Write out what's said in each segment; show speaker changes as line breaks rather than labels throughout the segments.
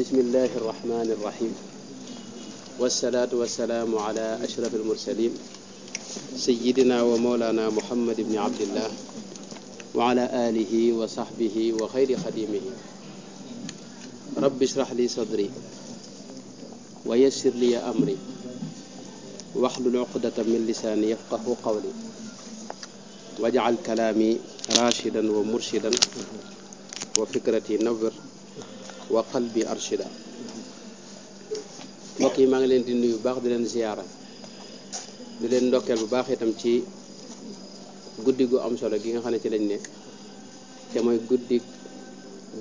bismillahi irrahmani irrahim wasalaatu wasalaamu ala ashraf almursalin sayidina wa moolana muhammad ibni abdillah wa ala alihi wa sahbihi wa xayri xadimihi rabbi ishrah li sadri wa yassir li amri waxlul uqdata min lisaani yafqahu qawli wajcal kalaami rashidan wa murshidan wa fikrati nawir wa qalbi arshida mbokk yi maa ngi leen di yu baax di leen ziyaara di leen ndokkeel bu baax itam ci guddi gu am solo gi nga xam ne ci lañ ne te mooy guddi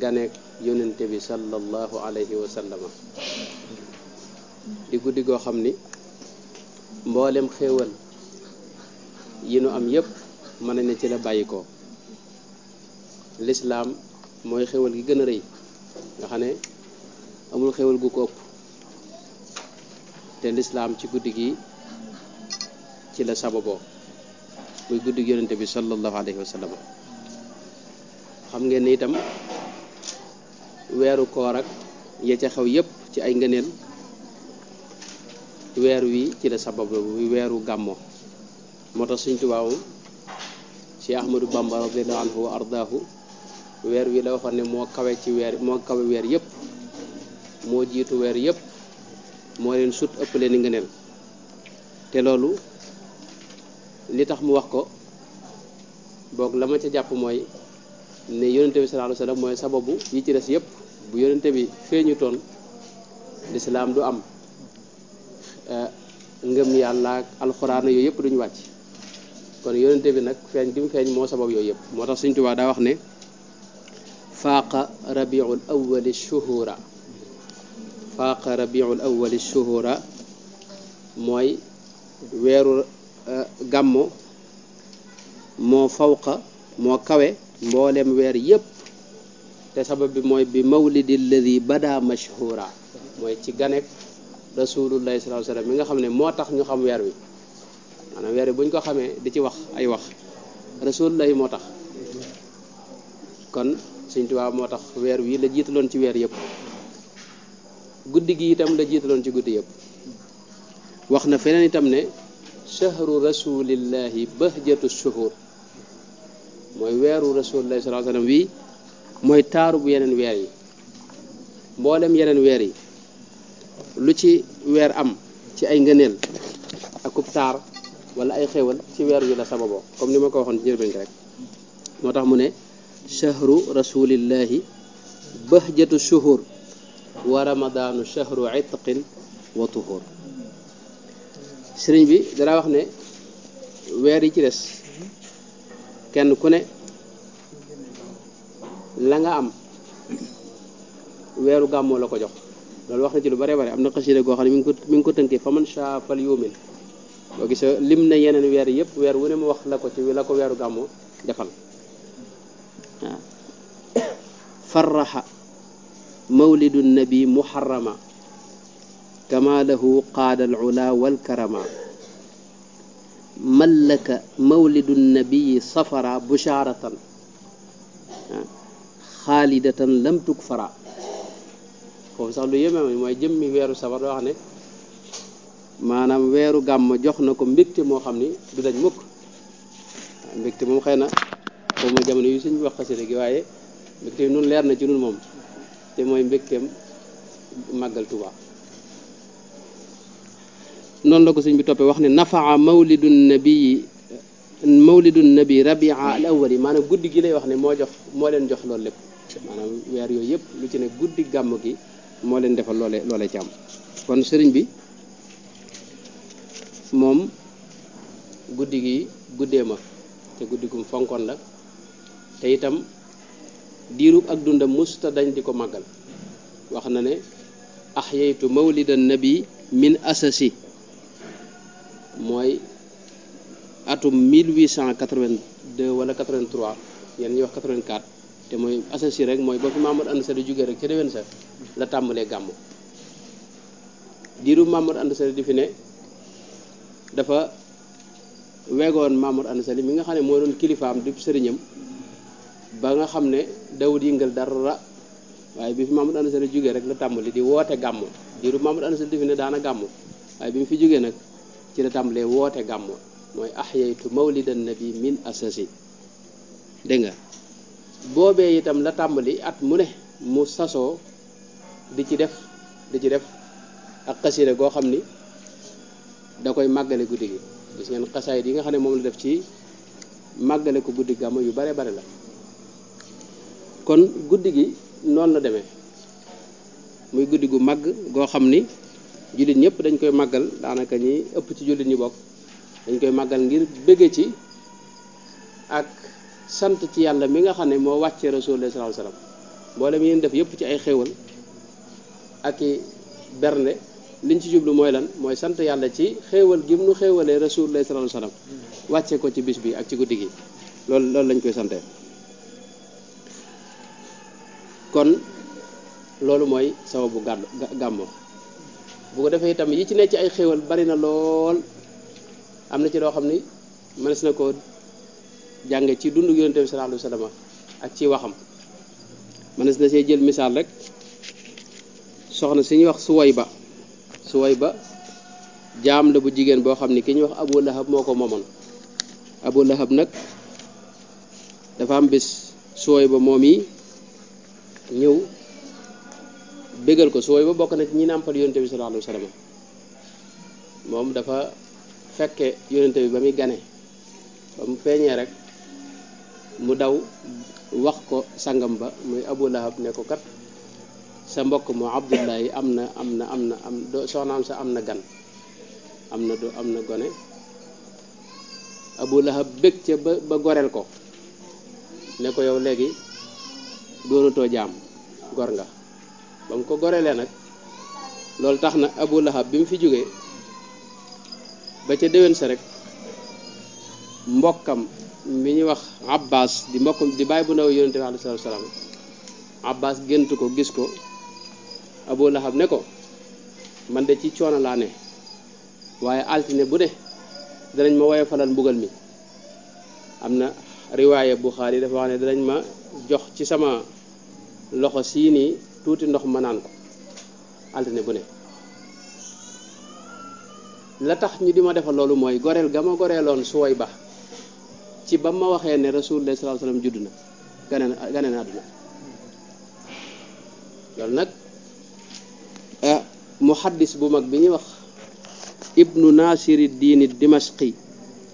ganeek yónnente bi sallallahu alayhi wa sallama di guddi goo xam ni mboolem xéewal yi nu am yépp mën nañ ne ci la bàyyi ko lislaam mooy xéewal gi gën a rëy nga xam ne amul xewal gu ko ëpp te lislaam ci guddi gi ci la sababoo muy guddi gi yonente bi sallallahu alayhi wa sallam xam ngeen ne itam weeru koor ak ya ca xew yépp ci ay ngëneel weer wi ci la sababoo muy weeru gàmmo moo tax suñ tubaabu Cheikh Ahmadou Bamba radiallahu anhu ardaahu weer wi la waxoon ne moo kawe ci weer moo kawe weer yëpp moo jiitu weer yépp moo leen sut ëpp leen i ngëneel te loolu li tax mu wax ko boog la ma ca jàpp mooy ne yonente bi sallallahu alayhi wasallam mooy sababu yi ci des yëpp bu yonente bi feeñu toon lislaam du am eh, ngëm yàlla ak alxuraan yooyu yëpp duñu wàcc kon yonente bi nag feeñ gi mu feeñ moo sabab yooyu yëpp moo tax Sëriñ Tuubaa daa wax ne faaqa rabiul awwali shuhura faaqa rabiul awwali shuhura mooy weeru eh, gàmmo moo fawqa moo kawe mboolem weer yépp te sabab bi mooy bi mawlidi alladi bada mashhura mooy ci ganek rasulullahi sallallahu alayhi wasallam bi nga xam ne moo tax ñu xam weer wi maanaam weer wi buñ ko xamee di ci wax ay wax rasulullahi moo tax kon Sëñ Tuubaa moo tax weer wii la jiitaloon ci weer yëpp guddi gi itam la jiitaloon ci guddi yëpp wax na feneen itam ne shahru rasulillahi bahjatu shuhur mooy weeru rasulillahi sallallahu alayhi wasallam mooy taaru bu yeneen weer yi mboolem yeneen weer yi lu ci weer am ci ay ngëneel akub taar wala ay xéewal ci weer wi la sama sababoo comme ni ma ko waxoon ci njëlbeen rek moo tax mu ne shahru rasulillahi bahjatu shuhur wa ramadaanu shahru itqin wa tuhur sëriñ bi dara wax ne weer yi ci des kenn ku ne la nga am weeru gàmmoo la ko jox loolu wax na ci lu bare bare am na xasida goo xam ne mi ngi ko mi ngi ko tënkee fa man shaa fal yuumin boo gisa lim na yeneen weer yëpp weer wu ne mu wax la ko ci la ko weeru gàmmoo defal farraxa mawlidu nabi muharrama kama lahu qaada alula walkarama mallaka mawlidu nabiyi safara busharatan xaalidatan lam tukfara foofu sax lu yéeme mooy jëmmi weeru safar doo xam ne maanaam weeru gàmm jox na ko mbégte moo xam ni du dañ mukk mbégte moom xëy na boobu mooy jamono yu suñ wax xasida gi waaye mbégte bi leer na ci nun moom te mooy mbégteem màggal Tuubaa noonu la ko sëñ bi toppee wax ne nafaa mawlidun nabii mawlidun nabi rabia al awwali maanaam guddi gi lay wax ne moo jox moo leen jox loolu lépp maanaam weer yooyu yëpp lu ci ne guddi gàmm gi moo leen defal loole loole ci kon sëriñ bi moom guddi gi guddee ma te guddi gum fonkoon la te itam diiru ak dunda musta dañ di ko màggal wax na ne axyaytu mawlidan nabi min asasi mooy atum 1882 wala 83 yéen ñuy wax 84 te mooy asasi rek mooy ba fi Maamar Anta Sali jógee rek ca déwén sa la tàmbalee gàmmu diirub Maamar Anta Sali di fi ne dafa wegoon Maamar Anta Sali mi nga xam ne moo doon kilifaam di sëriñam ba nga xam ne dawut yëngal dara waaye bi fi Mamadou Anta Sall jógee rek la tàmbali di woote gàmm diiru Mamadou Anta Sall defi ne daana gàmm waaye bi mu fi jógee nag ci la tàmbalee woote gàmm mooy ahyaytu mawlidan nabi min asasi dégg nga boobee itam la tàmbali at mu ne mu sasoo di ci def di ci def ak xasida goo xam ni da koy màggale guddi gi gis ngeen xasaayit yi nga xam ne moom la def ci màggale ko guddi gàmm yu bare bare la kon guddi gi noonu la demee muy guddi gu màgg goo xam ni jullit ñëpp dañ koy màggal daanaka ñi ëpp ci jullit ñi bokk dañ koy màggal ngir bëgge ci ak sant ci yàlla mi nga xam ne moo wàccee rasulullah sallallahu alayhi wasallam mboolem yéen def yëpp ci ay xéewal ak i bernde liñ ci jublu mooy lan mooy sant yàlla ci xéewal gi nu xéewalee rasulullah sallallahu alayhi wasallam wàccee ko ci bis bi ak ci guddi gi loolu loolu lañ koy santee kon loolu mooy sababu gàdd gàmmu bu defee itam yi ci nekk ci ay xéwal bari na lool am na ci loo xam ni mënees na koo jànge ci dund yonente bi sallallahu alayhi wasallam ak ci waxam mënees na see jël misaal rek soxna si ñuy wax suwoy Suwayba Suwayba jaam la bu jigéen boo xam ni ki ñuy wax Abu Lahab moo ko moomoon Abu Lahab nag dafa am bis ba moom yi ñëw bégal ko sooy ba bokk na ci ñi nàmpal yonente bi sallallahu alayhi wa sallam moom dafa fekke yonente bi ba muy gane ba mu feeñee rek mu daw wax ko sangam ba muy abu lahab ne ko kat sa mbokk moo abdullahi am na am na am na am soxnaam sa am na gan am na do am na gone abu lahab bég ca ba ba goreel ko ne ko yow léegi doonatoo jaam gor nga ba mu ko gorelee nag loolu tax na abu lahab bi mu fi jógee ba ca déwén sa rek mbokkam mi ñuy wax abbas di mbokkam di bàyyi bu ndaw yonente bi alei salatu salaam gént ko gis ko abu lahab ne ko man de ci coono laa waaye altine bu ne danañ ma woyofalal mbugal mi am na riwaaya Buxaari dafa wax ne danañ ma jox ci sama loxo sii nii tuuti ndox ma naan ko altine bu ne la tax ñi di ma defal loolu mooy goreel ga ma goreeloon suway ba ci ba ma waxee ne rasulullah sallallahu alayhi wasallam judd na gane na gane na àdduna loolu nag ah bu mag bi ñuy wax ibnu nasiri diini dimashqi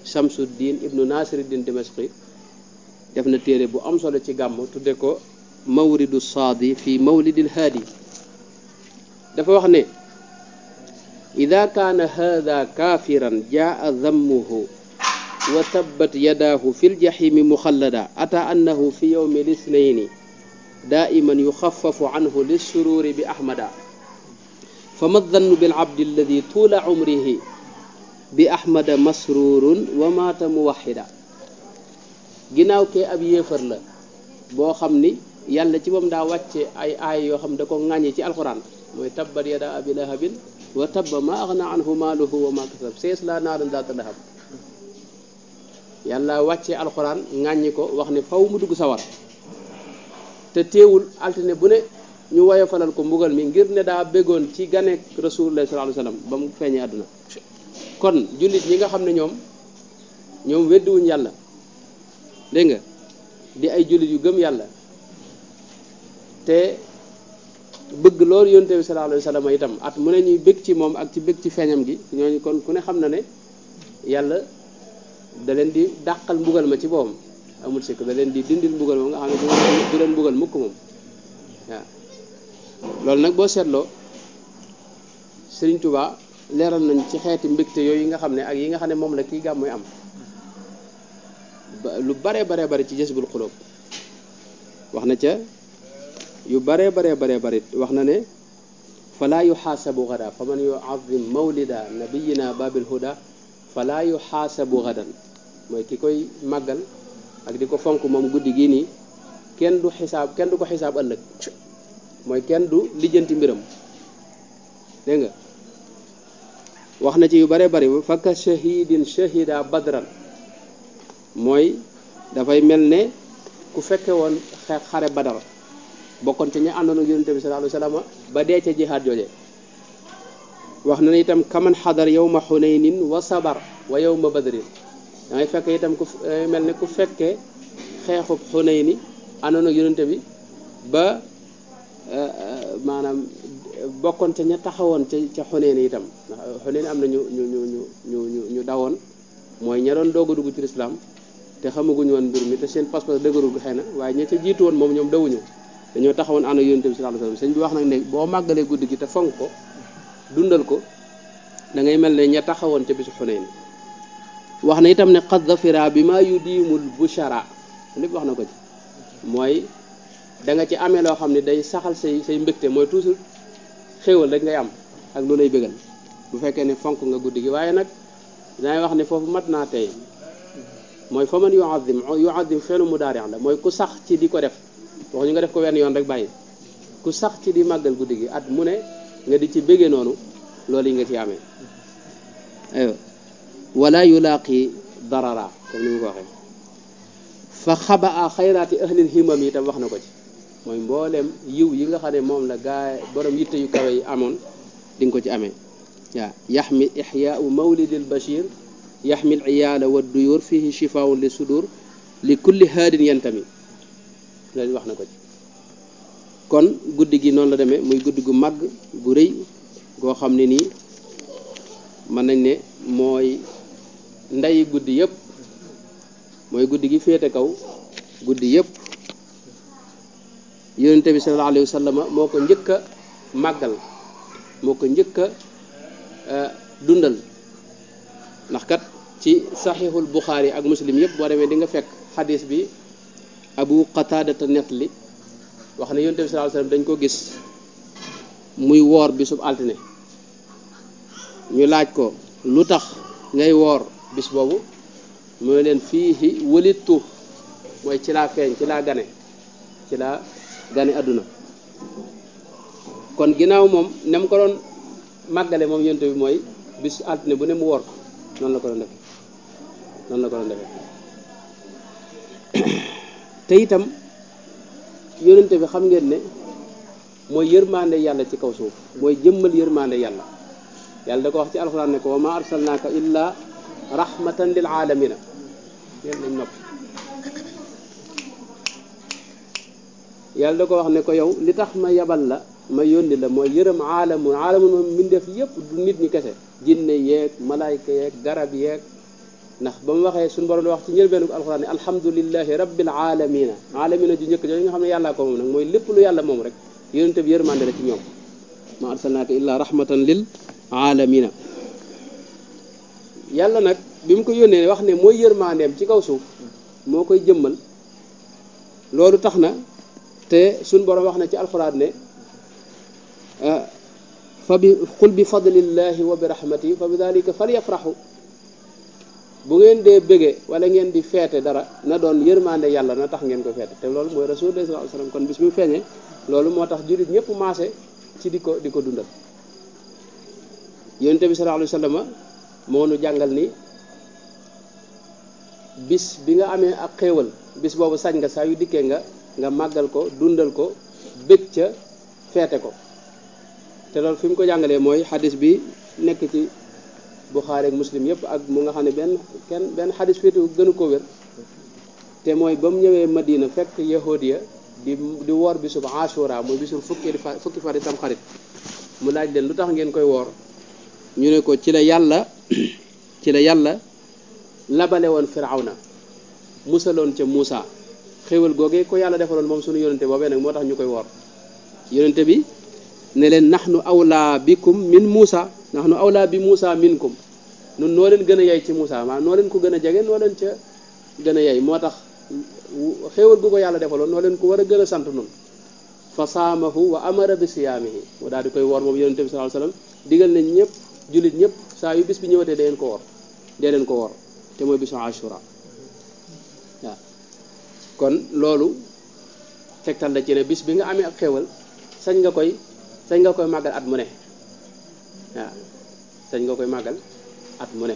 shamsuddin ibnu nasiri diin dimashqi def na téere bu am solo ci gàmm tudde ko mawridu saadi fi mawlidil haadi dafa wax ne ida kaana hada kaafiran jaa dammuhu wa tabbat yadaahu fi ljahimi muxallada ata annahu fi yowmi lisnayni daa'iman yuxaffafu anhu lissuruuri bi ahmada fama dannu bilabdi alladi tuula umrihi bi ahmada masrurun wa maata muwaxida ginnaaw kee ab yéefar la boo xam ni yàlla ci moom daa wàcce ay aay yoo xam da ko ŋàññi ci alxuraan mooy tabbat yada abi lahabin wa tabba ma axna anhu maaluhu wa ma kasab sees laa naaran zaata lahab yàlla wàccee alxuraan ŋàññi ko wax ne faw mu dugg sawar te teewul altine bu ne ñu woyofalal ko mbugal mi ngir ne daa béggoon ci ganeek rasulullah sallallahu ba mu feeñee àdduna kon jullit ñi nga xam ne ñoom ñoom weddiwuñ yàlla dégg nga di ay jullit yu gëm yàlla te bëgg loolu yonte bi sallallahu alayhi wasallam itam at mu ne ñuy bëgg ci moom ak ci bëgg ci feeñam gi ñooñu kon ku ne xam na ne yàlla da leen di dàqal mbugal ma ci boppam amul sikk da leen di dindil mbugal moom nga xam ne du leen mbugal mukk moom loolu nag boo seetloo Serigne Touba leeral nañ ci xeeti mbégte yooyu nga xam ne ak yi nga xam ne moom la kii gàmmuy am lu bare bare bare ci jasbul xulóob wax na ca yu bare bare bare bare wax na ne falaa yuxaasabu gada fa man yuazim mawlida nabiyina babil huda falaa yuxaasabu gadan mooy ki koy màggal ak di ko fonk moom guddi gii nii kenn du xisaab kenn du ko xisaab ëllëg mooy kenn du lijjanti mbiram dégg nga wax na ci yu bare bare fakka shahidin shahida badran mooy dafay mel ne ku fekke woon xare badar bokkoon ci ñi àndoon ak yonente bi ba dee ca jihaad jooje wax na ne itam kaman xadar yawma xunaynin wa sabar wa yawma badrin da ngay fekke itam ku eh, mel ne ku fekke xeexub xunayni àndoon ak yonente bi ba eh, eh, maanaam bokkoon ca ña taxawoon ca ca itam ndax am na ñu ñu ñu ñu ñu ñu dawoon mooy ña doon doog a te xamaguñu woon mbir mi te seen pas-pas dëgërul xëy waaye ña ca jiitu woon moom ñoom dawuñu dañoo taxawoon ànd ak yonent bi sallallahu alayhi wasallam sëñ bi wax nag ne boo te fonk ko dundal ko da ngay mel ne ña taxawoon ca bisu Xunayn wax na itam ne xad zafira bi maa yudimul bushara lépp wax na ko ci mooy danga ci amee loo xam ne day saxal say say mbégte mooy toujours xéewal rek ngay am ak lu lay bégal bu fekkee ne fonk nga guddi gi waaye nag dangay wax ne foofu mat naa tey mooy fa man yuazim yuazim feelu mudaari la mooy ku sax ci di ko def wax ñu nga def ko wenn yoon rek bàyyi ku sax ci di màggal guddi gi at mu ne nga di ci béggee noonu loolu yi nga ci amee walaa yu yulaaqi darara comme ni mu ko waxee fa xaba a ahlil himam yi tam wax na ko ci mooy mbooleem yiw yi nga xam ne moom la gaa borom yitte yu kawe yi amoon di nga ko ci amee mi yaxmi ixyaau mawlidil bashir yaxmil iyaala wa duyur fii shifaawun li sudur li kulli haadin yentami loolu wax na ko ci kon guddi gi noonu la demee muy guddi gu màgg gu rëy goo xam ne nii mën nañ ne mooy nday guddi yëpp mooy guddi gi féete kaw guddi yépp yonente bi sallallahu alayhi wa moo ko njëkk a màggal moo ko njëkk a eh, dundal ci saxiixul buxaari ak muslim yépp boo demee di nga fekk xadis bi abu qataadata nett li wax ne yonent bi sallallahu dañ ko gis muy woor bis bu altine ñu laaj ko lu tax ngay woor bis boobu mooy leen fii fiihi walittu mooy ci laa feeñ ci laa gane ci laa gane àdduna kon ginnaaw moom ne mu ko doon màggale moom yonent bi mooy bis altine bu ne mu woor ko noonu la ko doon def noonu la ko doon defee te itam bi xam ngeen ne mooy yërmande yàlla ci kaw suuf mooy jëmmal yërmande yàlla yàlla da ko wax ci alxuraan ne ko wa ma arsalnaaka illa rahmatan lil aalamina yàlla da ko wax ne ko yow li tax ma yabal la ma yónni la mooy yërëm aalamu aalamu moom mbindeef yépp du nit ñi kese jinne yeeg malayka yeeg garab yeeg ndax ba mu waxee suñu borom wax ci njëlbeenu alxuraan ne alhamdulilahi rabbil alamina alamina ju njëkk jooju nga xam ne yàllaa ko moom nag mooy lépp lu yàlla moom rek yonente bi yërmande la ci ñoom ma arsalnaaka illaa lil alamina yàlla nag bi ko yónnee wax ne mooy yërmandeem ci kaw suuf moo koy jëmmal loolu tax na te suñu borom wax na ci alxuraan ne fa bi qul bi fadlillahi wa bi rahmati fa bi dalika falyafrahu bu ngeen dee bëggee wala ngeen di feete dara na doon yërmande yàlla na tax ngeen ko feete te loolu mooy rasulullah sallallahu alayhi kon bis mu feeñee loolu moo tax jullit ñëpp maase ci di ko di ko dundal yonent bi sallallahu alayhi jàngal ni bis bi nga amee ak xéewal bis boobu sañ nga saa yu dikkee nga nga màggal ko dundal ko bëgg ca feete ko te loolu fi ko jàngalee mooy xaddis bi nekk ci Buxaari ak muslim yëpp ak mu nga xam ne benn kenn benn xadis féetu gënu ko wér te mooy ba mu ñëwee Madina fekk yahud ya di di woor bisub Ashura mooy bisub fukki fukki fari tam xarit mu laaj leen lu tax ngeen koy woor ñu ne ko ci la yàlla ci la yàlla labale woon Firawna musaloon ca Muusa xéwal googee ko yàlla defaloon moom sunu yonante boobee nag moo tax ñu koy woor yonente bi ne leen nahnu awla bikum min Muusa ndax nu awlaa bi Moussa minkum nun noo leen gën a yay ci Moussa maa noo leen ko gën a jege noo leen ca gën a yay moo tax xéewal gu ko yàlla defaloon noo leen ko war a gën a sant nun fa saamahu wa amara bi siyaamihi mu daal di koy woor moom yonente bi sallallahu alayhi wasallam digal nañ ñëpp jullit ñëpp saa yu bis bi ñëwatee dee leen ko woor de leen ko woor te mooy bisu ashura waaw kon loolu tegtal la ci ne bis bi nga amee ak xéewal sañ nga koy sañ nga koy màggal at mu dañ nga koy màggal at mu ne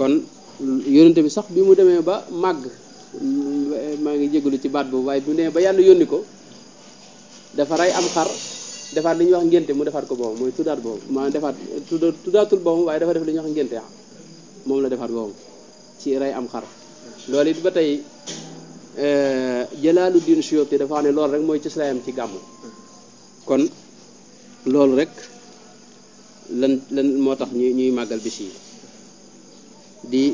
kon yónnente bi sax bi mu demee ba màgg maa ngi jégalu ci baat boobu waaye bu demee ba yàlla yónni ko dafa rey am xar defaat li wax ngénte mu defaat ko boobu mooy tuddaat boobu maanaam defaat tuddaatul boobu waaye dafa def li wax ngénte ah moom la defaat boobu ci rey am xar loolu it ba tey euh, Jalaaluddin Suyuuti dafa wax ne loolu rek mooy ci slayam ci gàmmu kon loolu rek lan lan moo tax ñuy ñuy màggal bis yi di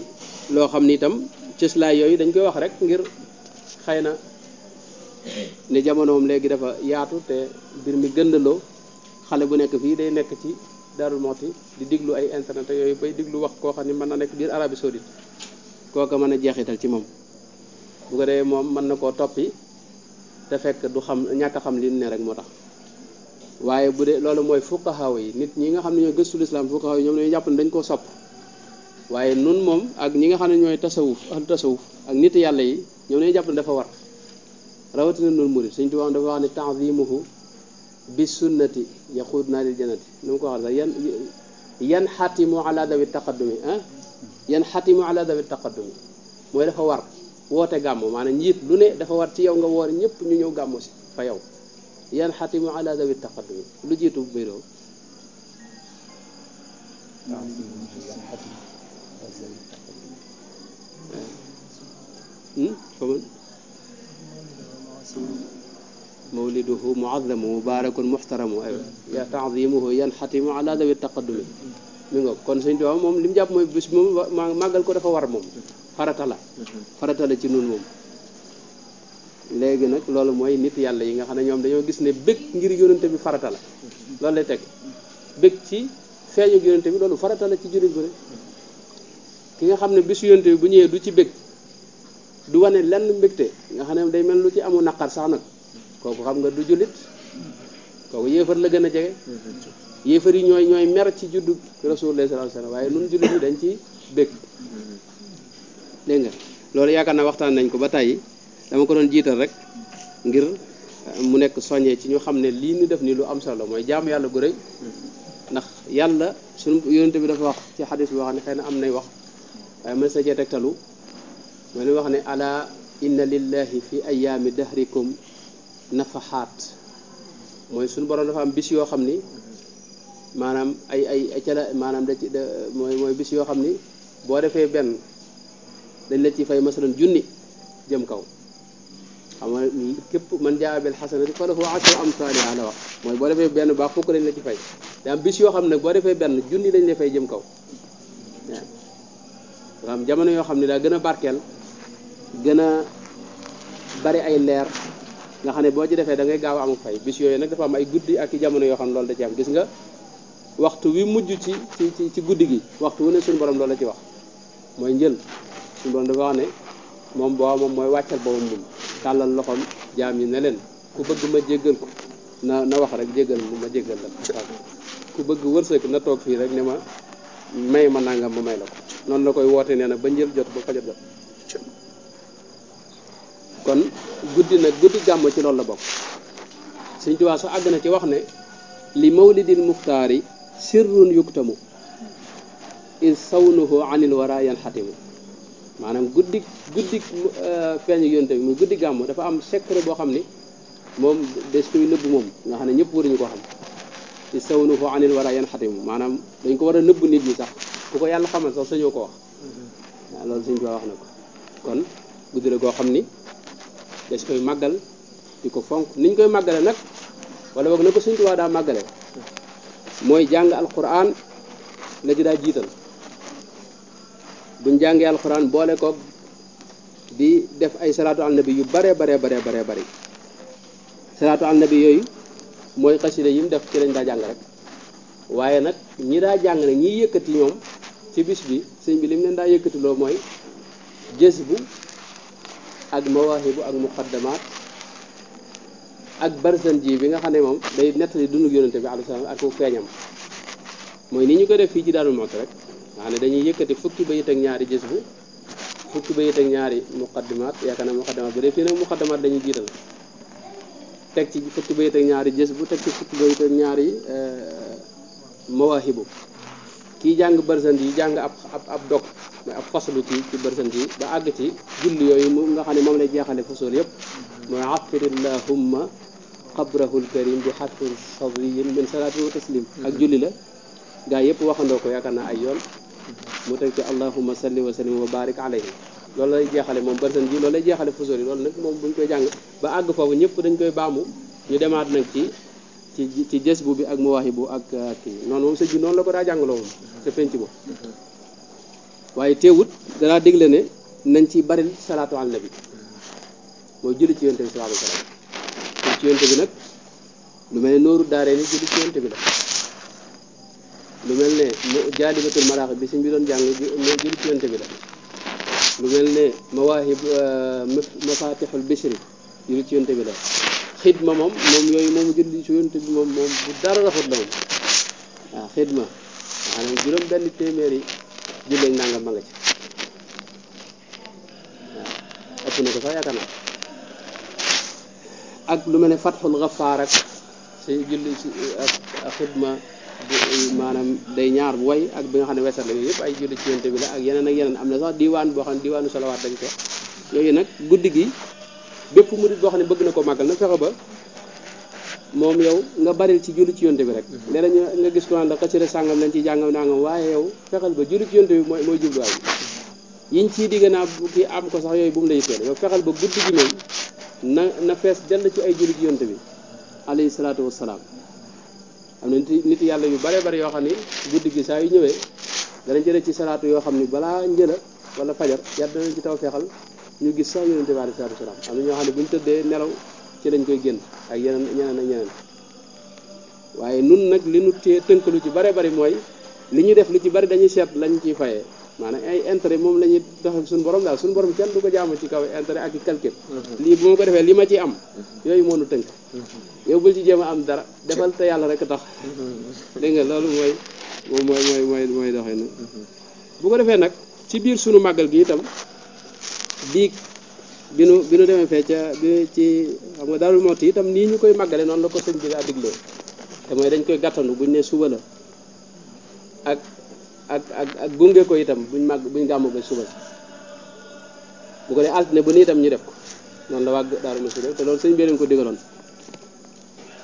loo xam ni itam cëslaay yooyu dañ koy wax rek ngir xëy na ne jamonoom léegi dafa yaatu te mbir mi gëndaloo xale bu nekk fii day nekk ci Darou Moukhty di diglu ay internet yooyu bay diglu wax koo xam ni mën na nekk biir Arabie Saoudite kooka mën a jeexital ci moom bu ko dee moom mën na koo toppi te fekk du xam ñàkk xam li ne rek moo tax waaye bu de loolu mooy fuqahaw yi nit ñi nga xam ne ñoo gëstu lislaam fuqahaw yi ñoom dañu jàpp ne dañ koo sopp waaye nun moom ak ñi nga xam ne ñooy tasawuf ahlu tasawuf ak nit yàlla yi ñoom dañu jàpp ne dafa war rawatina nun murid Sëñ Tuubaa dafa wax ne ta'zimuhu bi sunnati yaxuud naa lil jannati nu mu ko waxee sax yan yan xatimu ala dawi taqaddumi ah yan xatimu ala dawi taqaddumi mooy dafa war woote gàmmu maanaam njiit lu ne dafa war ci yow nga woor ñëpp ñu ñëw gàmmu si fa yow yan xatimu ala zawi taqaddumi lu jiitu mbir moom faman mawliduhu muazzamu mubarakun muxtaramu aywa ya taazimuhu yan xatimu ala zawi taqaddumi mi nga kon sëñ Tuubaa moom li mu jàpp mooy bis moom màggal ko dafa war moom farata la farata la ci nun moom léegi nag loolu mooy nit yàlla yi nga xam ne ñoom dañoo gis ne bég ngir yonente bi farata la loolu lay teg bég ci feeñu yonente bi loolu farata la ci jullit bu ki nga xam ne bisu yonente bi bu ñëwee du ci bég du wane lenn mbégte nga xam ne day mel lu ci amu naqar sax nag kooku xam nga du jullit kooku yéefar la gën a jege yéefar yi ñooy ñooy mer ci juddu rasulullah sallallahu waaye nun jullit ñi dañ ci bég dégg loolu yaakaar naa waxtaan nañ ko ba tàyyi dama ko doon jiital rek ngir euh, mu nekk soññee ci ñu xam ne lii ñu def nii lu am solo mooy jaamu yàlla gu rëy ndax yàlla suñu yonente bi dafa wax ci xadis bi wax ne xëy na am nay wax waaye mën sa cee tegtalu ma ni wax ne ala inna lillahi fi ayaami dahrikum nafaxaat mooy suñu borom dafa am bis yoo xam ni maanaam ay ay ca maanaam da ci mooy mooy bis yoo xam ni boo defee benn dañ la ci fay masalan junni jëm kaw xam nga képp man jaa bil xasanati falahu asru amsaalihaa la wax mooy boo defee benn baax fukk lañ la ci fay daa am bis yoo xam ne boo defee benn junni lañ la fay jëm kaw waaw jamono yoo xam ne daa gën a barkeel gën a bari ay leer nga ne boo ci defee da gaaw a am fay bis yooyu nag dafa am ay guddi ak i jamono yoo xam ne loolu da ci am gis nga waxtu wi mujj ci ci ci guddi gi waxtu wu ne suñu borom loolu la ci wax mooy njël suñu borom dafa wax ne moom boo moom mooy wàccal boobam moom tàllal loxoom jaam yi ne leen ku bëgg ma jéggal ko na wax rek jéggal mu ma jéggal la ku bëgg wërsëg na toog fii rek ne ma may ma nangam ma may la ko la koy woote nee na ba njël jot ba fajar jot kon guddi nag guddi gàmm ci loolu la bokk Sëñ Tuubaa sax àgg na ci wax ne li mawlidil muxtaari sirrun yuktamu is sawnuhu anil wara yan xatimu maanaam guddi guddi euh, feeñu yonte bi mu guddi gàmmu dafa am secret boo xam ni moom des koy nëbb moom nga xam ne ñëpp waruñu ko xam ci sawnu foo anil war a yan xatimu maanaam dañ ko war a nëbb nit ñi sax ku ko yàlla xamal sax sañoo ko wax mm-hmm. waaw loolu suñ ko wax na ko kon guddi la goo xam ni des koy màggal di ko fonk niñ koy màggale nag wala boog na ko suñ ko daa màggale mm-hmm. mooy jàng alquran la ci daa jiital buñ jàngee alxuraan boole koog di def ay salaatu al nabi yu bare bare bare bare bëri salaatu al bi yooyu mooy xasida yi mu def ci lañ daa jàng rek waaye nag ñi daa jàng ne ñiy yëkkati ñoom ci bis bi sëñ bi lim leen daa yëkkatiloo mooy jës bu ak mawaahibu ak muqaddamaat ak barzan ji bi nga xam ne moom day nettali dund yonente bi alayhi salaam ak ku feeñam mooy ni ñu ko def fii ci Daaru Muxti rek nga ne dañuy yëkkati fukki bayit ak ñaari jës bu fukki bayit ak ñaari muqaddimaat yaakaar naa muqaddimaat bu dee fii nag muqaddimaat dañuy jiital teg ci fukki bayit ak ñaari jës bu teg ci fukki bayit ak ñaari euh, mawaahibu kii jàng bërsënd yi jàng ab ab ab dog mooy ab faslu ci ci bërsënd yi ba àgg ci julli yooyu mu nga xam ne moom lay jeexale fasul yëpp mooy afirillahumma qabrahul karim bi xatfin sabiyin min salaati wa taslim ak julli la gaa yëpp waxandoo ko yaakaar naa ay yoon mu teg ci allahumma salli wa sallim wa barik alayhi loolu lay jeexale moom barsan ji loolu lay jeexale fusóor yi loolu nag moom buñ koy jàng ba àgg foofu ñëpp dañ koy baamu ñu demaat nag ci ci ci jës bu bi ak muwaahibu ak kii noonu moom sëñ bi noonu la ko daa jàngaloo moom te penc ba waaye teewut danaa dégle ne nañ ci baril salaatu ala nabi mooy julli ci yonte bi salaatu salaam ci yonte bi nag lu mel ne nooru daaree ni julli ci yonte bi la lu mel ne jaalibatul maraaxib bi suñ bi doon jàng jëli ci yonte bi la lu mel ne mawaahib uh, mafatixul bishri jëli ci yonte bi la xidma moom moom yooyu moom jëli ci yonte bi moom moom bu dara rafet la moom waaw xidma maanaam juróom benn téeméeri julleñ nanga ma nga ci waaw ëpp na ko sax yaakaar naa ak lu mel ne fatxul gafaar ak si julli si ak xidma maanaam day ñaar bu way ak bi nga xam ne wesar la yooyu yëpp ay julli ci yonte bi la ak yeneen ak yeneen am na sax diwaan boo xam ne diwaanu salawaat dañ ko yooyu nag guddi gi bépp murit boo xam ne bëgg na ko màggal na fexe ba moom yow nga baril ci julli ci yonte bi rek mm-hmm. nee nañu nga gis ko naan la sàngam lañ ci jàngam nangam waaye yow ba julli ci yonte mooy mooy jubluwaay mm-hmm. yiñ ciy digg naa bu kii am ko sax yooyu bu mu la yitteel yow fexel ba guddi gi moom na na fees dell ci ay julli ci yonte bi alayhi salaatu wassalaam am na nit yàlla yu bare bare yoo xam ni guddi gi saa yu ñëwee danañ jëlee ci salaatu yoo xam ne balaa njëla wala fajar yàlla danañ ci taw feexal ñu gis sax yonente bi alei salatu wasalaam am na ñoo xam ne bu ñu tëddee nelaw ci lañ koy génn ak yeneen ñeneen ak ñeneen waaye nun nag li nu tee tënkalu ci bare bari mooy li ñu def li ci bari dañuy seet lañ ci fayee maanaam ay intérêt moom la ñuy doxal suñu borom daal suñu borom kenn du ko jaamu ci kaw intérêt ak i calcul mhm. lii bu ma ko defee li ma ci am mhm. yooyu moo nu tënk mhm. yow ci jéem am dara defal yàlla rek a tax dégg nga loolu mooy moom mooy mooy mooy mooy doxee bu ko defee nag ci biir suñu màggal gi itam biig bi nu bi nu demee fee ca bi ci xam nga Daaru Muxti itam nii ñu koy màggale noonu la ko sëñ bi daa diglee te mooy dañ koy gàttandu buñ ne suba la ak ak ak ak gunge ko itam bu ñu màgg buñ gàmmu ba suba bu ko dee altine bu ni itam ñu def ko noonu la wàgg ma Muxti def te loolu sëñ bi ko digaloon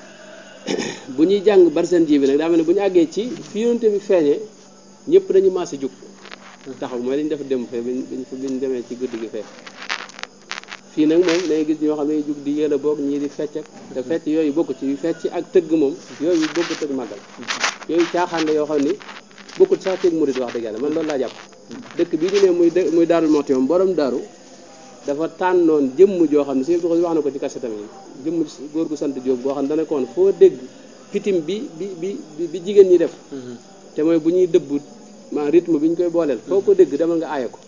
bu ñuy jàng barsan ji bi nag daa mel ne bu ñu àggee ci fi yonent bi feeñee ñëpp dañu maase jug taxaw mooy lañu def dem fee biñ biñ demee ci guddi gi fee fii nag moom dañuy gis ñoo xam ne jug di yéla boog ñii di fecc ak te fecc yooyu bokk ci fecc ak tëgg moom yooyu bokk tëgg màggal yooyu caaxaan yoo xam ni bokkul sax ceeg murid wax dëgg yàlla man loolu laa jàpp dëkk bii ñu ne muy muy daarul moxti moom borom daaru dafa tànnoon jëmm joo xam ne si wax na ko ci kase tamit jëmm góor gu sant Jóob boo xam ne dana koon woon foo dégg fitim bi bi bi bi jigéen ñi def mm-hmm. te mooy bu ñuy dëbb ma rythme bi ñu koy booleel foo ko dégg demal nga aaye ko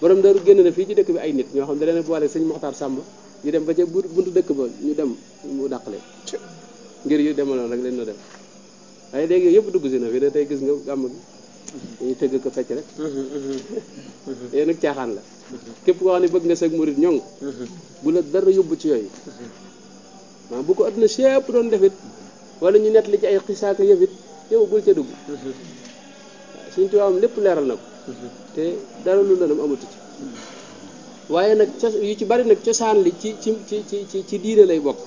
borom daaru génn na fii ci dëkk bi ay nit ñoo xam ne da leen boole sëñ Moxtaar Sàmb ñu dem ba ca buntu dëkk ba ñu dem mu dàqale ngir yu demaloon rek leen na def waaye léegi yooyu yëpp dugg si na fi tey gis nga gàmm gi mhm. dañuy tëgg ko fecc rek mhm, mhm, yooyu caaxaan la képp koo xam ne bëgg nga sëg murit ñoŋ bu la dara yóbbu ci yooyu waaw bu ko na sépp doon defit wala ñu li ci ay xisaaka yëfit yow bul ca dugg suñ tubaabam lépp leeral na ko te dara lu lëndëm amatu ci waaye nag yu ci bari nag cosaan li ci ci ci ci ci diine lay bokk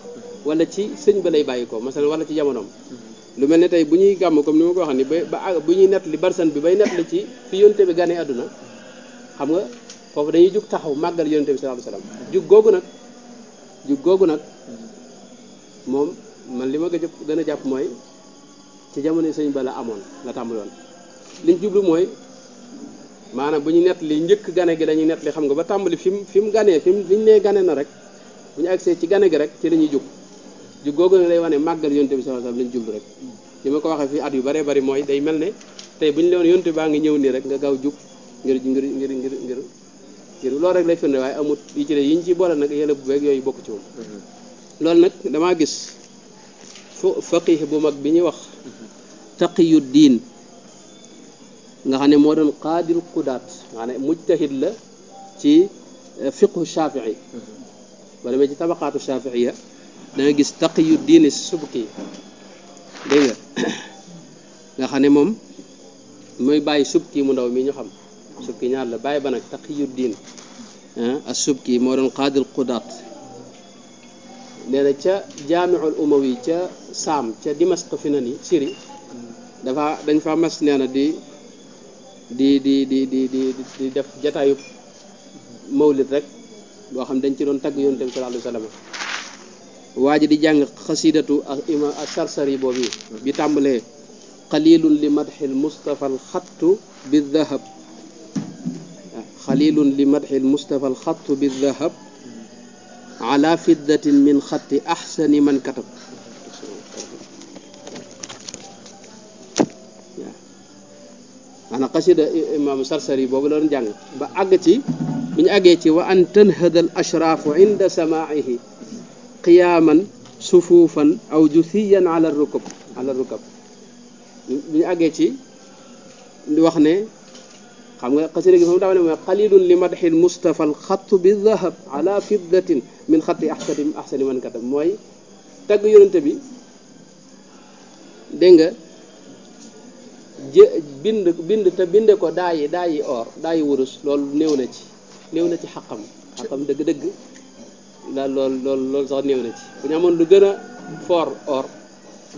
wala ci sëñ ba lay bàyyi ko masal wala ci jamonoom lu mel ne tey bu ñuy gàmm comme ni ma ko waxee ni ba bu ñuy net li barsan bi bay nett li ci fi yonte bi gane àdduna xam nga foofu dañuy jug taxaw màggal yonte bi sallallahu alayhi wasallam jug googu nag jug googu nag moom man li ma ko gën a jàpp mooy ci jamono sëñ bala amoon la tàmbaloon liñ jublu mooy maanaam bu ñu nett li njëkk gane gi dañuy net li xam nga ba tàmbali fi mu fi mu ganee fi mu ñu nee gane na rek bu ñu agsee ci gane gi rek ci la ñuy ju googu ne day wane màggal yonte bi sallallahu alayhi wasallam lañ jublu rek li ma ko waxee fi at yu bëree bëri mooy day mel ne tey bu ñu lewoon yonte baa ngi ñëw nii rek nga gaaw jub ngir ngir ngir ngir ngir ngir loolu rek lay firnde waaye amut yi ci de yi boole nag yële bu beeg yooyu bokk ci moom mhm. loolu nag damaa gis fu faqih bu mag bi ñuy wax taqiyu diin nga xam ne moo doon qaadil qudaat maanaam mujtahid la ci fiqhu shafii mhm. ba demee ci tabaqaatu shafiiya da nga gis taqiyu diin subki dégg nga xam ne moom mooy bàyyi subki mu ndaw mi ñu xam subki ñaar la bàyyi ba nag taqiyu diin ah, ak subki moo doon qaadil qudaat nee na ca jaamiul umawi ca saam ca dimasq fi na ni siri dafa dañ fa mas nee na di di di di di di def jataayu mawlid rek boo xam dañ ci doon tagg yoon bi sallallahu alayhi wa waa ji di jàng xasidatu ak ima ak sarsari boobu bi tàmbalee xalilun li madxil mustapha al xattu bi dahab xalilun li madxil mustapha al xattu bi dahab ala fiddatin min xatti axsani man katab ana xasida imam sarsari boobu la doon jàng ba àgg ci bi ñu àggee ci wa an tanhada al ashraafu inda samaa'ihi qiyaaman sufuufan aw jusiyan ala rukab ala rukab bu àggee ci di wax ne xam nga xasida gi fa mu daaw ne mooy xalilun li madaxil mustafa al xattu bi zahab ala fiddatin min xatti axsani axsani man katab mooy tagg yonente bi dégg nga jë bind te bind ko daayi daayi or daayi wurus loolu néew na ci néew na ci xaqam xaqam dëgg-dëgg la loolu loolu loolu sax néew na ci bu ñu amoon lu gën a fort or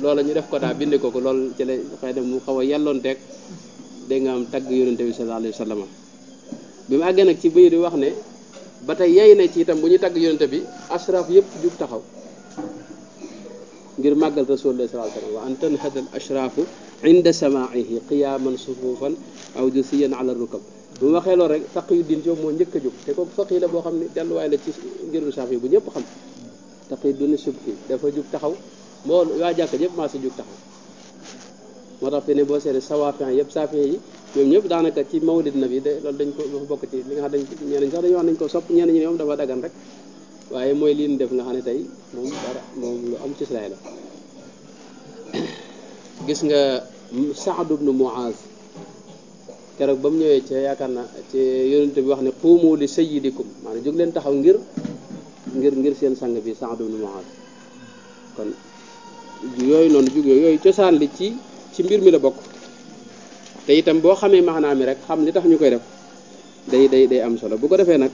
loola ñu def ko daa bind ko ko lool ci la xëy mu xaw a yelloon teg dégg nga am tagg yonente bi sallallahu alayhi wa sallam bi mu àggee nag ci biir di wax ne ba te yey na ci itam bu ñu tagg yonente bi ashraf yëpp jug taxaw ngir màggal rasulullah sallallahu alayhi wa sallam wa an tanhada al ashrafu inda samaihi qiyaman sufufan aw jusiyan ala rukab bu waxee xeloo rek faq yu din coow moo njëkk a jóg te kooku faq yi la boo xam ne delluwaay la ci ngirul saaf yi bu ñëpp xam faq yi duna sub dafa jug taxaw moo waa jàkk ñëpp maa si jug taxaw moo tax fi ne boo seetee sawaafin yëpp saafin yi ñoom ñëpp daanaka ci na bi de loolu dañ ko bokk ci li xam dañ ñeneen sax dañu wax nañ ko sopp ñeneen ñi moom dafa dagan rek waaye mooy liin def nga xam ne tey moom dara moom lu am ci silaay la gis nga Saad ibnu Muaz keroog ba mu ñëwee ci yaakaar na ci yonente bi wax ne quumu li sayyidikum maanaam jóg leen taxaw ngir ngir ngir seen sang bi Saad ibn Muaaz kon yooyu noonu jug yooyu cosaan li ci ci mbir mi la bokk te boo xamee maanaam mi rek xam ni tax ñu koy def day day day am solo bu ko defee nag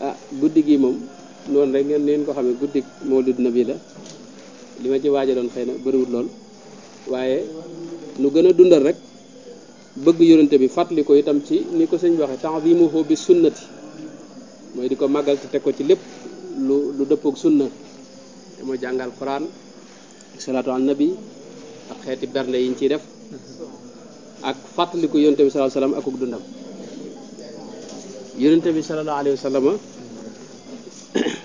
ah guddi gii moom noonu rek ngeen ngeen ko xamee guddi na Nabi la li ma ci waaja doon xëy na bëriwul lool waaye nu gën a dundal rek bëgg yonente bi fàttaliku itam ci ni ko sëñ bi waxee ta'zimuhu bi sunnati mooy di ko màggal te teg ko ci lépp lu lu dëppoog sunna te mooy jàngal quran ak salaatu an nabi ak xeeti bernde yi ñu ciy def ak fàttaliku yonente bi sallallahu alayhi wa sallam akuk dundam yonente bi sallallahu alayhi wa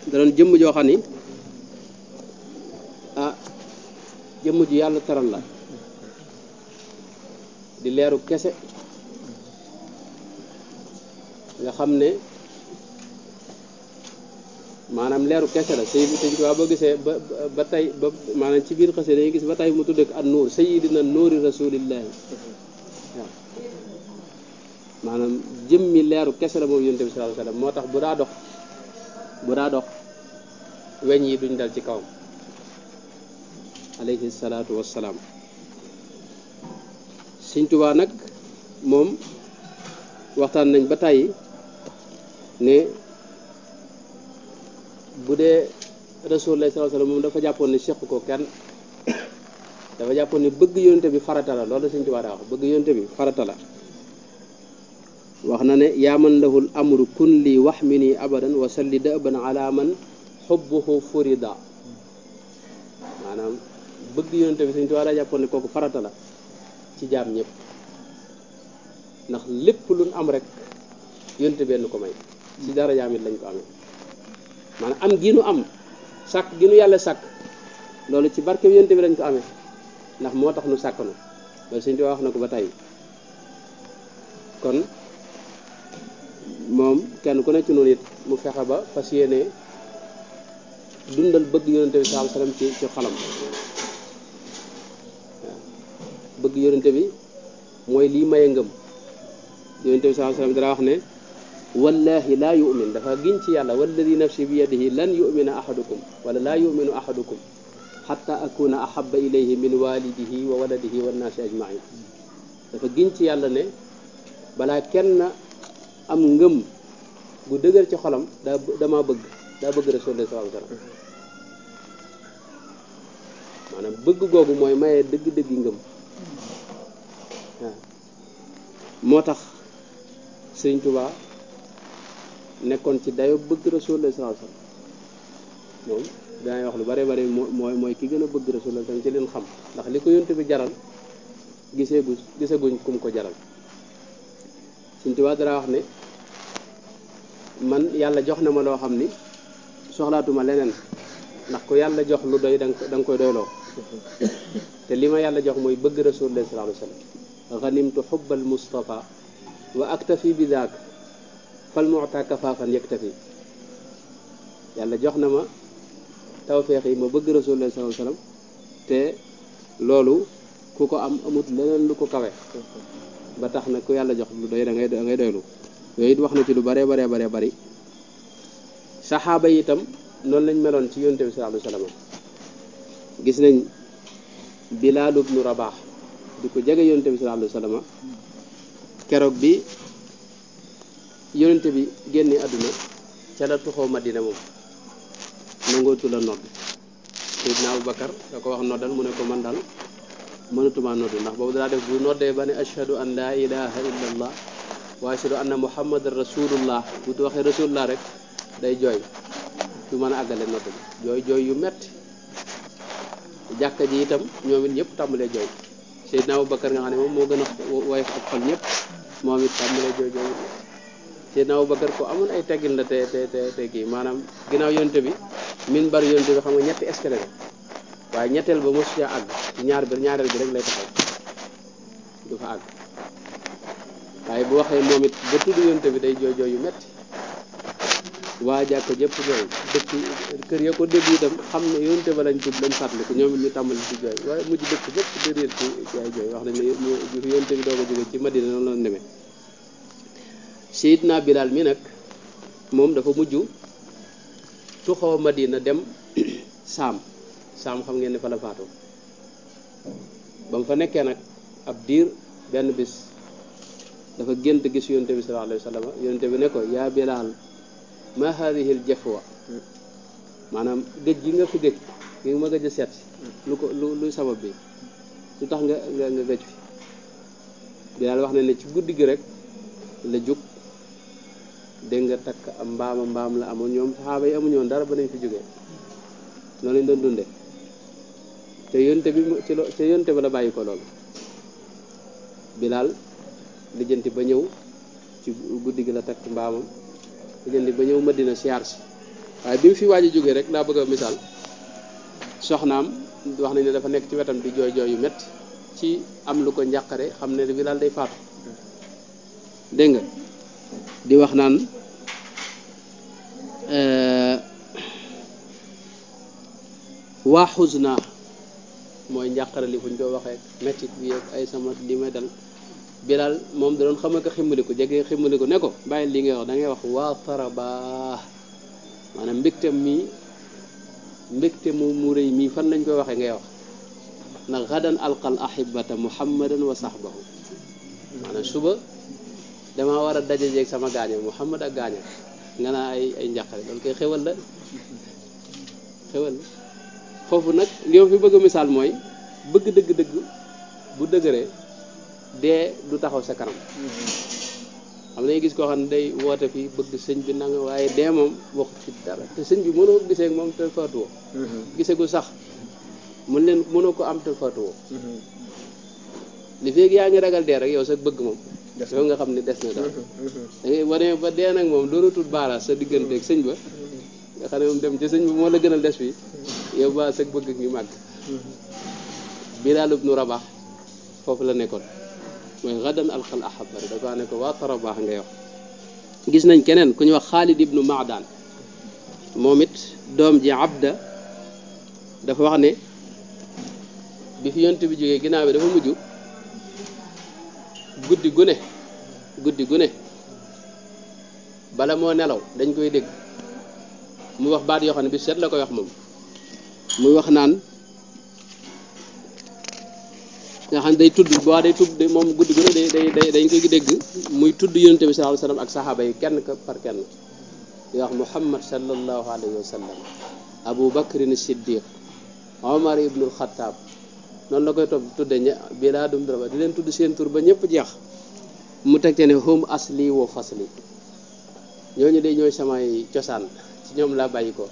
da doon jëmm joo xam ni jëmm ji yàlla teral la di leeru kese nga xam ne maanaam leeru kese la sëy sëñ Tuubaa boo gisee ba ba tey ba maanaam ci biir xasee dañuy gis ba tey mu tudd ak an nuur sayyidina nuuri rasulillahi maanaam jëm yi leeru kese la moom yonent bi sallallahu alayhi wasallam moo tax bu daa dox bu daa dox weñ yi duñ dal ci kawam alayhi salaatu salaam Sëñ Tuubaa nag moom waxtaan nañ ba tàyyi ne bu dee rasulullah sallallahu moom dafa jàppoon ne seq ko kenn dafa jàppoon ni bëgg yoonte bi farata la loolu Sëñ Tuubaa daa wax bëgg yonente bi farata la wax na ne yaa man lahul amru kun wax mi nii abadan wasalli dëban ala man xubbuhu furida maanaam bëgg yonente bi sëñ Tuubaa daa jàppoon ne kooku farata la ci jaam ñëpp ndax lépp luñ am rek yonente benn ko may ci dara jaam lañ ko amee maanaam am gi nu am sàkk gi nu yàlla sàkk loolu ci barke yonente bi lañ ko amee ndax moo tax nu sàkk na loolu sëñ Tuubaa wax na ko ba tey kon moom kenn ku ne ci noonu it mu fexe ba fas yéene dundal bëgg yonente bi sallallahu alayhi ci xolam bëgg yonente bi mooy lii maye ngëm yonente bi sallallahu alayhi wasallam dara wax ne wallahi laa yu'min dafa giñ ci yàlla walladi nafsi bi yadihi lan yu'mina ahadukum wala laa yu'minu ahadukum xatta akuna ahaba ilayhi min walidihi wa waladihi wa naasi ajmain dafa giñ ci yàlla ne balaa kenn am ngëm gu dëgër ci xolam daa bëgg daa bëgg rasulullah sallallahu alayhi maanaam bëgg googu mooy maye dëgg-dëgg ngëm moo tax sëriñ tubaa nekkoon ci dayo bëgg Rasulullah sallallahu alayhi wasallam moom dinañ wax lu bare bare moo mooy ki gën a bëgg Rasulullah sallallahu alayhi wasallam ci leen xam ndax li ko yonent bi jaral gisee gisaguñ kum ko jaral sëriñ Tuubaa wax ne man yàlla jox na ma loo xam ni soxlaatuma leneen ndax ku yàlla jox lu doy danga koy doyloo te li ma yàlla jox mooy bëgg rasulullah sallallahu alayhi wasallam ganimtu xubbal mustafa wa aktafi bi daak fal muta kafaafan yaktafi yàlla jox na ma tawféex yi ma bëgg rasulullah sallallahu alayhi wasallam te loolu ku ko am amut leneen lu ko kawe ba tax na ku yàlla jox lu doy da ngay da ngay doylu yooyu wax na ci lu bare bare bare bari saxaaba yi itam noonu lañ meloon ci yonte bi sallallahu alayhi gis nañ Bilaal ibnu Rabaax di ko jege yonente bi sallallahu alayhi wa sallam keroog bi yonente bi génne àdduna ca la tuxoo Madina moom nangootu la nodd Seydina Abubakar da ko wax noddal mu ne ko man daal mënatuma nodd ndax boobu danaa def bu noddee ba ne ashhadu an laa ilaha illa allah wa ashhadu anna muhammadan rasulullah bu waxee rasulullah rek day jooy du mën a àggale nodd bi jooy jooy yu metti jàkka ji itam ñoom it ñëpp tàmbalee jooy Seydina Aboubacar nga xam ne moom moo gën a woyof ak xol ñëpp moom it tàmbalee jooy jooy Seydina Aboubacar ko amoon ay teggin la te te te maanaam ginnaaw yonte bi min bari yonte bi xam nga ñetti escalier waaye ñetteel ba mosu caa àgg ñaar bi ñaareel bi rek lay taxaw du fa àgg waaye bu waxee moom it ba tudd yonte bi day jooy jooy yu metti waa jàkka jëpp jooy dëkk kër ya ko dégg itam xam na yonte ba lañ tudd lañ fàttaliku ñoom it ñu tàmbali di jooy waaye mujj dëkk bépp jooy wax nañ ne yonte bi doo ko jóge ci Madina noonu la demee Seydina Bilaal mi nag moom dafa mujj tuxoo Madina dem saam saam xam ngeen ne fa la ba mu fa nekkee nag ab diir benn bis dafa gént gis yonte bi sallallahu alayhi wa sallam yonte bi ne ko yaa Bilaal ma haadihi l maanaam géej gi nga fi géej gi nga ma gëj seet si lu ko lu lu sabab bi lu tax nga nga nga gëj fi wax na ne ci guddi gi rek la jóg dégg nga takk am mbaam mbaam la amoon ñoom saxaaba yi amuñu woon dara ba nañ fi jógee loolu lañ doon dunde te yonte bi ci lo te yonte la bàyyi ko loolu laal lijjanti ba ñëw ci guddi gi la takk mbaamam diggante ba ñëw Madina siyaar si waaye bi mu fi waaj a jógee rek daa bëgg a misaal soxnaam wax nañ ne dafa nekk ci wetam di jooy jooy yu mett ci am lu ko njàqare xam ne bi daal day faatu dégg nga di wax naan euh, waa xus naa mooy njàqare li fuñ ko waxee métti bi yeeg ay sama li may dal bilaal moom da doon xam ne ko ximmaliku jege ximmaliku ne ko bàyyi li ngay wax da ngay wax waa saraba maanaam mbégte mi mbégte mu mu rëy mii fan lañ koy waxee ngay wax ndax xadan alqal ahibata muhammadan wa sahbahu maanaam suba dama war a dajajeeg sama gaaño muhammad ak gaaño nga naa ay ay njàqare loolu koy xewal la xewal la foofu nag li ma fi bëgg misaal mooy bëgg dëgg-dëgg bu dëgëree dee du taxaw sa kanam xam nañu gis koo xam ne day woote fii bëgg sëñ bi nanga waaye dee moom waxu ci dara te sëñ bi mënoo gisee ak moom te faatuwoo mhm. sax mën leen mënoo ko am te faatuwoo mhm. li yaa ngi ragal rek yow sa bëgg moom yow nga xam ne des na dara mhm. da ngay wane ba dee nag moom doonatul baaraas sa diggante ak sëñ ba nga xam ne moom dem ci sëñ bi moo la gën gënal des fii yow ba sa bëgg ngi màgg Bilaal ibnu Rabax foofu la nekkoon mooy gadan alxal ahabari da ko ne ko waa tara baax ngay wax gis nañ keneen ku ñuy wax xaalid ibnu maadaan moom it doom ji abda dafa wax ne bi fi yonent bi jógee ginnaaw bi dafa mujj guddi gune guddi gune bala moo nelaw dañ koy dégg mu wax baat yoo xam ne bi seet la koy wax moom muy wax naan nga xam ne day tudd bu day tudd moom guddi gu ne day day dañ koy dégg muy tudd yonent bi sallallahu alayhi wa sallam ak saxaaba yi kenn par kenn di wax muhammad sallallahu alayhi wa sallam abu bakrin siddiq omar ibnul xataab noonu la koy topp tudde ña bilaa dum dara di leen tudd seen tur ñëpp jeex mu teg te ne hum asli wa fasli ñooñu de ñooy samay cosaan ci ñoom laa bàyyi ko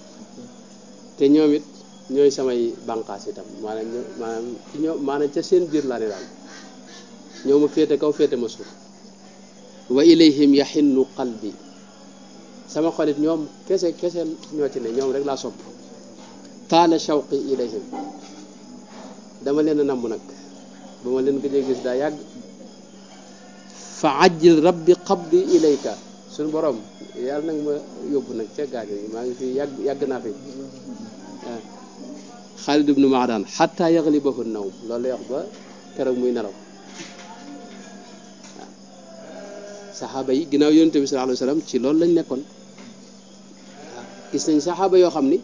te ñoom it ñooy samay bànqaas itam maanaam maanaam ca seen biir laa ne daal ñoo ma féete kaw féete ma suuf wa ilayhim yaxinnu qalbi sama xolit ñoom kese kese ñoo ci ne ñoom rek laa sopp taala shawqi ilayhim dama leen a namm nag ba ma leen gëjee gis daa yàgg fa ajjil rabbi qabdi ilayka suñu borom yàlla nag ma yóbbu nag ca gaaño yi maa ngi fi yàgg yàgg naa fi xaalid ibnu maadaan xataa yaxlibahu naw loolu lay wax ba tere muy nelaw waaw saxaaba yi ginnaaw yonente bi sallallahu ci loolu lañ nekkoon gis nañ saxaaba yoo xam ni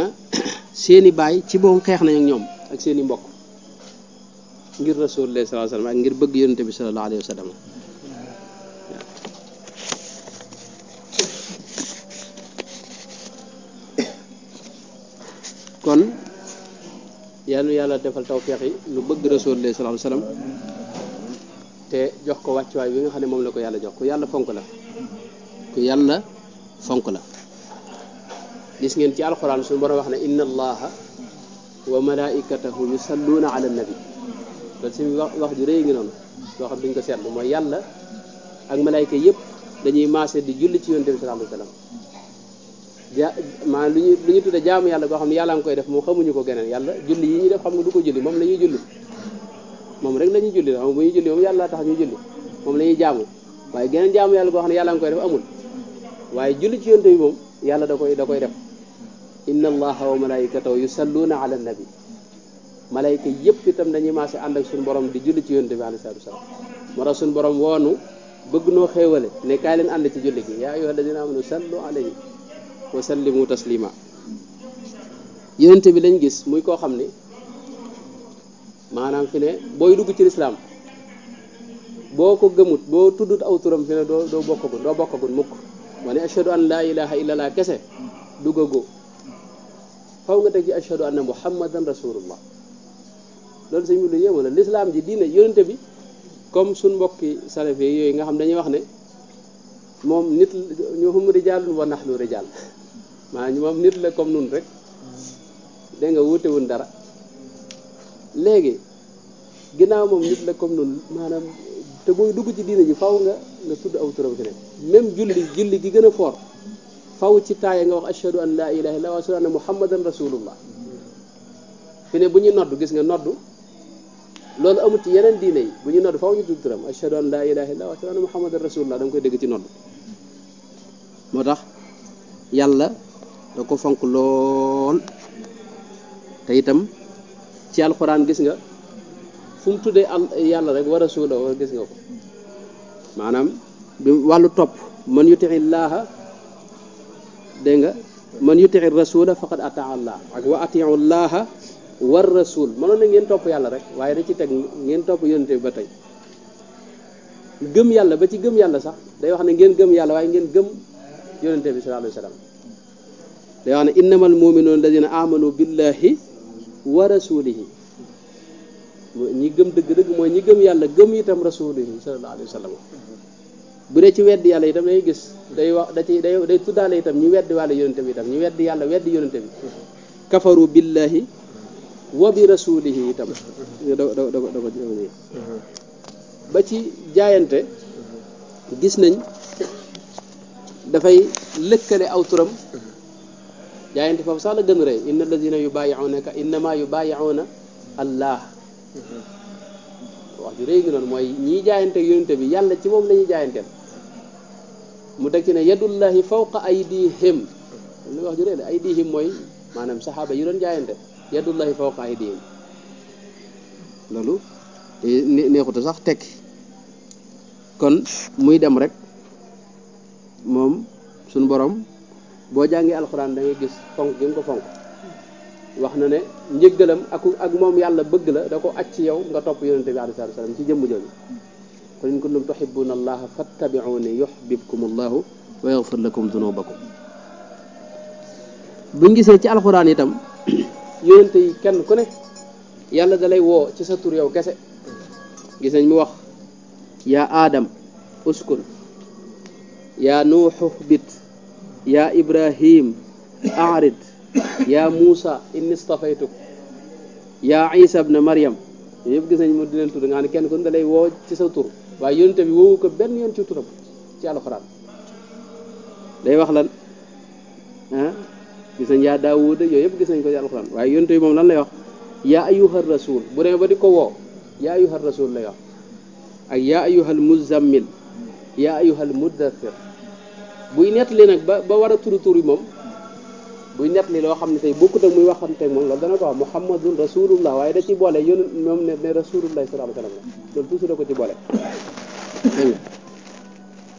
ah seeni baay ci boom xeex nañ ak ñoom ak seeni mbokk ngir rasulullah sallallahu alayhi wasallam ak ngir bëgg yonente bi sallallahu alayhi wasallam yàlla yàlla defal tawféex yi nu bëgg rasul lay salaam te jox ko wàccuwaay bi nga xam ne moom la ko yàlla jox ku yàlla fonk la ku yàlla fonk la gis ngeen ci alxuraan suñu borom wax ne inna allaha wa malaikatahu yusalluuna ala nabi loolu suñu wax wax ju rëy ngi noonu loo xam duñ ko seetlu mooy yàlla ak malaayka yëpp dañuy maase di julli ci yonent bi salaam salaam ja maanaam lu ñu lu ñu tudde jaamu yàlla goo xam ne yàlla nga koy def moom xamuñu ko geneen yàlla julli yi ñu def xam nga du ko julli moom la julli moom rek la ñuy julli xam bu ñuy julli moom yàlla tax ñuy julli moom la ñuy jaamu waaye geneen jaamu yàlla goo xam ne yàlla nga koy def amul waaye julli ci yonte moom yàlla da koy da koy def inna allaha wa malaikatahu yusalluuna ala nabi malayka yëpp itam dañuy maase ànd ak suñu borom di julli ci yonte bi alayhi salaatu wasalaam moo tax suñu borom woonu bëgg noo xéewale ne kaay leen ànd ci julli gi yaa ayyuha alladina amanu sallu alayhi wa sallimu taslima yonent bi lañ gis muy koo xam ne maanaam fi ne booy dugg ci lislaam boo ko gëmut boo tuddut aw turam fi ne doo doo bokkagul doo bokkagul mukk ma ne ashhadu an laa ilaha illallah kese duggago faw nga teg ci ashhadu anna muhammadan rasulullah loolu sëñ bi lu yéema la lislaam ji diine yonent bi comme suñ mbokki salafé yooyu nga xam dañuy wax ne moom nit ñoo xum rijaalun wa naxnu rijaal maa ñu moom nit la comme nun rek da nga wuute wun dara léegi ginnaaw moom nit la comme nun maanaam te booy dugg ci diina ji faw nga nga tudd aw turam keneen même julli julli gi gën a foor faw ci taaya nga wax ashhadu an laa ilaha illallah wa ashhadu anna muhammadan rasulullah fi ne bu ñu noddu gis nga noddu loolu amut ci yeneen diine yi bu ñu noddu faw ñu tudd turam ashhadu an laa ilaha illallah wa ashhadu anna muhammadan rasulullah da nga koy dégg ci noddu moo tax yàlla da ko fonk lool te itam ci alxuraan gis nga fu mu tuddee al yàlla rek war a suula war gis nga ko maanaam bi wàllu topp man yutixi laaha dégg nga man yutixi rasula faqad ataa allah ak wa atiu war rasul mënoon na ngeen topp yàlla rek waaye da ci teg ngeen topp yonente ba tey gëm yàlla ba ci gëm yàlla sax day wax ne ngeen gëm yàlla waaye ngeen gëm yonente bi sallallahu alayhi wa day wax ne innamal muminuuna alladina amanu billahi wa rasulihi ñi gëm dëgg-dëgg mooy ñi gëm yàlla gëm itam rasulihi sallallahu alayhi wa sallam bu dee ci weddi yàlla itam day gis day wax da ci day day tuddaale itam ñu weddi wàlla yonente bi itam ñu weddi yàlla weddi yonente bi kafaru billahi wa bi rasulihi itam da da ba ci jaayante gis nañ dafay lëkkale aw jaayante foofu sax la gën rëy inna alladina yubaayiunaka innama yubaayiuna allah wax ju rëy ngi noonu mooy ñii jaayante yonente bi yàlla ci moom lañuy ñuy jaayanteel mu teg ci ne yadullahi fawqa aydihim li wax ju rëy la mooy maanaam saxaaba yi doon jaayante yadullahi fawqa aydihim loolu neexuta sax tekki kon muy dem rek moom suñu borom boo jàngee alxuraan da ngay gis fonk gi mu ko fonk wax na ne njëggalam ak ak moom yàlla bëgg la da ko aj ci yow nga topp yonente bi alayhi salaam ci jëmm jooju qul in kuntum tuhibbuna allaha fattabi'uni yuhbibkum allahu wa yaghfir lakum dunubakum buñ gisee ci alxuraan itam yonente yi kenn ku ne yàlla dalay woo ci sa tur yow gis nañ mu wax yaa aadam uskun yaa nuuxu bit yaa ibrahim arid ya muusa inni stafaytuk ya isa bna mariam yooyu yëpp gis nañ mu di leen tudd kenn kon da lay woo ci sa tur waaye yonente bi woowu ko benn yoon ci turam ci alxuraan day wax lan ah gis nañ yaa daawuda yooyu yëpp gis nañ ko ci alxuraan waaye moom lan lay wax yaa ayuha rasul bu demee ba di ko woo yaa ayuha rasul lay wax ak yaa ayuha almuzammil yaa ayuha almudathir buy nett nettali nag ba ba war a turu tur yi moom buy nettali loo xam ne tey bokkut ak muy waxanteeg moom loolu dana ko wax muhammadun rasulullah waaye da ci boole yoonu moom ne ne rasulullah sallallahu alayhi wasallam loolu toujours da ko ci boole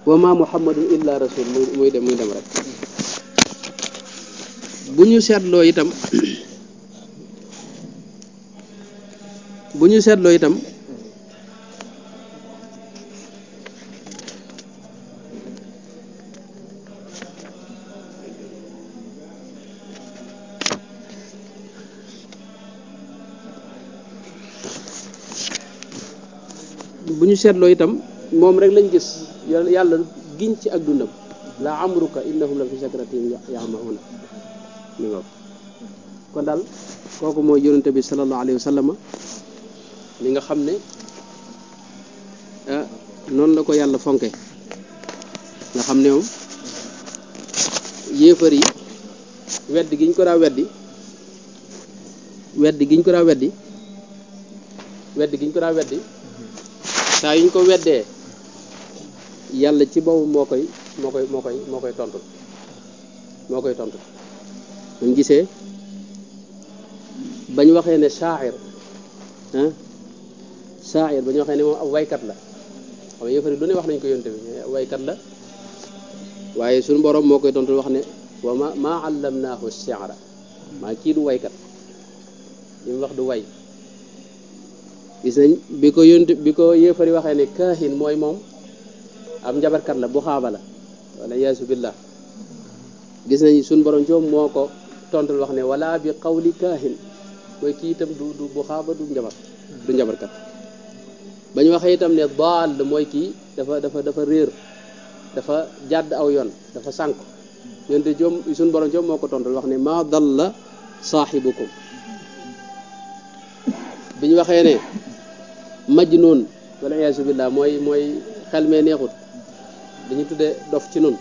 wa ma muhammadun illa rasul muy dem muy dem rek bu ñu seetloo itam bu ñu seetloo itam ñu seetloo itam moom rek lañ gis yàlla giñ ci ak dundam la amruka innahum la fi sakratihim yamahuna mi ngo kon daal kooku mooy yonente bi sallallahu alayhi wa sallama li nga xam ne ah, noonu la ko yàlla fonke nga xam ne moom yéefar yi giñ ko daa weddi weddi giñ ko daa weddi weddi giñ ko daa weddi saa yu ñu ko weddee yàlla ci boobu moo koy moo koy moo koy moo koy tontu moo koy tontu buñ gisee bañ waxee ne shaair ah shaair bañ waxee ne moom ab waykat la xam nga lu ne wax nañ ko yonte bi waykat la waaye suñu borom moo koy tontu wax ne wa ma maa allamnaahu shi'ra maa kii du waykat li wax du way gis nañ bi ko yont bi ko yéefari waxee ne kaahin mooy moom ab njabarkat la bu xaaba la wala yaasu billah gis nañ suñ borom joom moo ko tontul wax ne wala bi qawli kaahin du du du njabar du ba ñu waxee itam ne mooy kii dafa dafa dafa réer dafa jàdd aw yoon dafa sànk yonte joom suñ borom joom moo ko tontul wax ma dalla la bi ñu waxee ne majnuun wala iyaasu billaah mooy mooy xel mee neexut dañu tuddee dof ci nun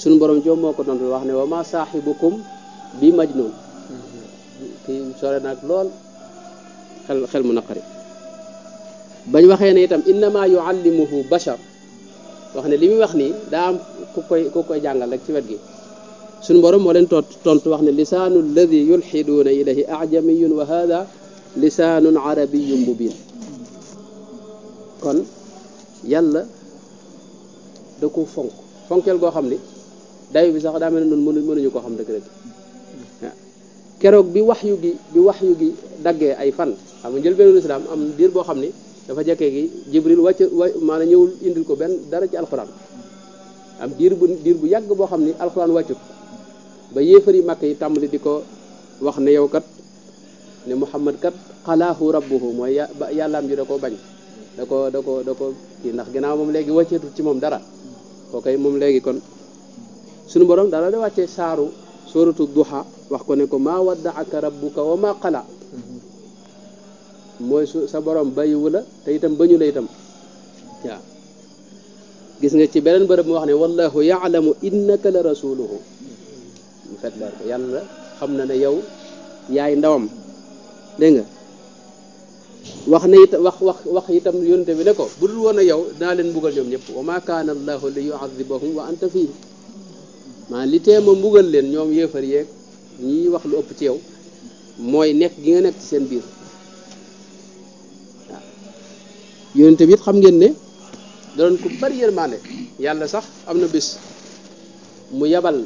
suñu borom joom moo ko doon wax ne wa ma saaxibukum bi majnuun kii sore nag lool xel xel mu naqari bañ waxee ne itam innama yuallimuhu bashar wax ne li muy wax nii daa am ku koy ku koy jàngal rek ci wet gi sun borom moo leen tontu wax ne lisaanu alladi yulxiduuna ilayhi ajamiyun wa hada lisaanun arabiyun mubin kon yàlla da ko fonk fonkeel goo xam ni dayu bi sax daa mel ne noonu mënuñu koo xam dëgg dëgg keroog bi wax yu gi bi wax yu gi daggee ay fan xam nga njëlbéenu lislaam am diir boo xam ni dafa jekkee gi jibril wàcc wa maanaam ñëwul indil ko benn dara ci alxuraan am diir bu diir bu yàgg boo xam ni alxuraan wàccut ba yéefar yi màkk yi tàmbali di ko wax ne yow kat ne muhammad kat xalaahu rabbuhu mooy yàllaam ji da koo bañ da ko da ko kii ndax ginnaaw moom léegi wàcceetu ci moom dara kookoy moom léegi kon suñu borom daala da wàccee saaru suratu duha wax ko ne ko maa ak rabbuka wa maa qala mooy su sa borom bayiwu la te itam bañu la itam gis nga ci beneen bërëb mu wax ne wallahu yaalamu innaka la rasuluhu mu fet leer ko yàlla xam na ne yow yaay ndawam dégg nga wax na it wax wax wax itam yonente bi ne ko bu dul woon a yow dinaa leen mbugal ñoom ñëpp wa ma kaana allahu li yuazibahum wa anta fii maa li teema mbugal leen ñoom yéefar yeeg ñi wax lu ëpp ci yow mooy nekk gi nga nekk ci seen biir waaw yonente bi it xam ngeen ne da doon ku bari yërmaane yàlla sax am na bis mu yabal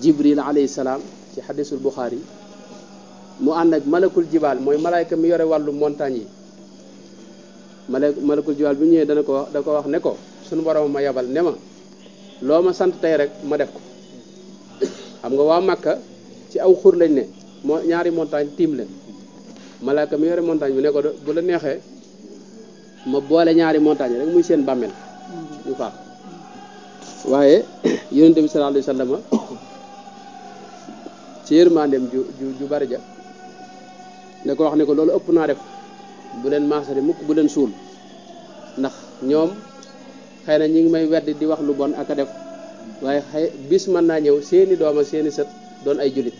jibril alayhi salaam ci xadisul buxaari mu ànd ak malakul jibaal mooy malayka mi yore wàllu montagne yi mala malakul jibaal bi ñëwee dana ko da ko wax ne ko suñu borom ma yabal ne ma loo ma sant tey rek ma def ko xam nga waa Màkka ci aw xur lañ ne moo ñaari montagne tiim leen malayka mi yore montagne bi ne ko bu la neexee ma boole ñaari montagne rek muy seen bàmmeel ñu faax waaye yonente bi sallallahu alayhi wa sallam ci yërmandeem ju ju ju bari ja ne ko wax ne ko loolu ëpp naa def bu leen maasale mukk bu leen suul ndax ñoom xëy na ñi ngi may weddi di wax lu bon ak a def waaye xëy bis mën naa ñëw seeni dooma seeni sët doon ay julit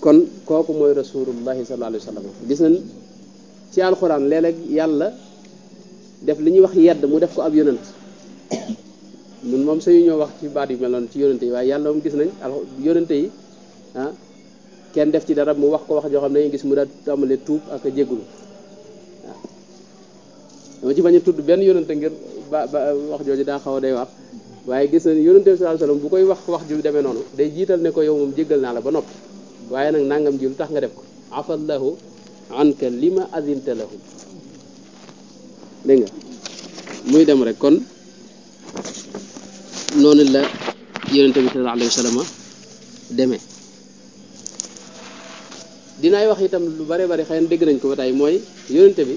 kon kooku mooy rasulullahi sallallahu alayhi wa sallam gis na ci alxuraan léeg yàlla def li ñuy wax yedd mu def ko ab yonent ñun moom sañu ñoo wax ci baat yi mel noonu ci yonente yi waaye yàlla moom gis nañ al yonente yi ah kenn def ci dara mu wax ko wax joo xam ne dañuy gis mu daal tàmbalee tuub ak a jéggulu dama ci bañ tudd benn yonente ngir ba ba wax jooju daa xaw a day wax waaye gis nañ yonente bi sallallahu alayhi wasallam bu koy wax wax ju deme noonu day jiital ne ko yow moom jéggal naa la ba nopp waaye nag nàngam ji lu tax nga def ko afallahu anka lima azinta lahum dégg nga muy dem rek kon noonu la yonente bi sallallahu alayhi wa sallam demee dinaay wax itam lu bare bare xëy dëgg nañ ko ba tey mooy yonente bi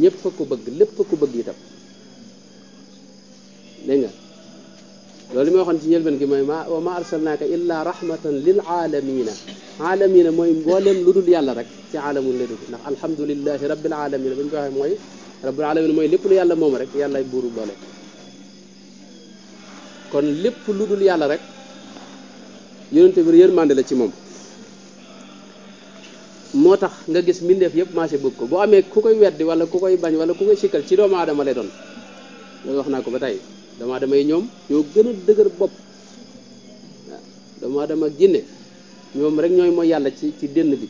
ñëpp a ko bëgg lépp ko bëgg itam dégg nga loolu li ma waxoon ci njëlbeen gi mooy ma wa ma arsalnaaka illa rahmatan lil aalamiina mooy mbooleem lu dul yàlla rek ci aalamul la dugg ndax alhamdulilahi rabbil aalamiina bu ñu ko waxee mooy rabbil aalamiina mooy lépp lu yàlla moom rek yàlla buuru boole kon lépp lu dul yàlla rek yonente bi yërmande la ci moom moo tax nga gis mbindeef yëpp marché bëgg ko boo amee ku koy weddi wala ku koy bañ wala ku koy sikkal ci doomu aadama lay doon loolu wax naa ko ba tey doomu aadama yi ñoom ñoo gën a dëgër bopp waaw doomu aadama ak ñoom rek ñooy mooy yàlla ci ci dënn bi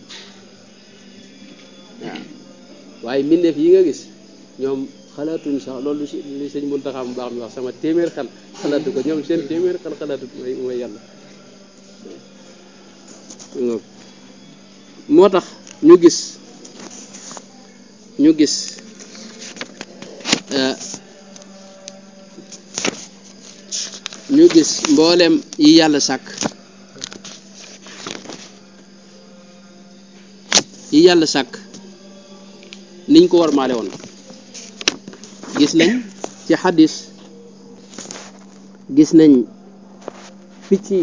waaye mbindeef yi nga gis ñoom xalaatuñ sax loolu si li sëñ Muntaxa baax mi wax sama téeméer xel xalaatu ko ñoom seen téeméer xel xalaatu mooy mooy yàlla moo tax ñu gis ñu gis euh, ñu gis mboolem yi yàlla sàkk yi yàlla sàkk niñ ko war maale woon gis nañ ci xadis gis nañ picc yi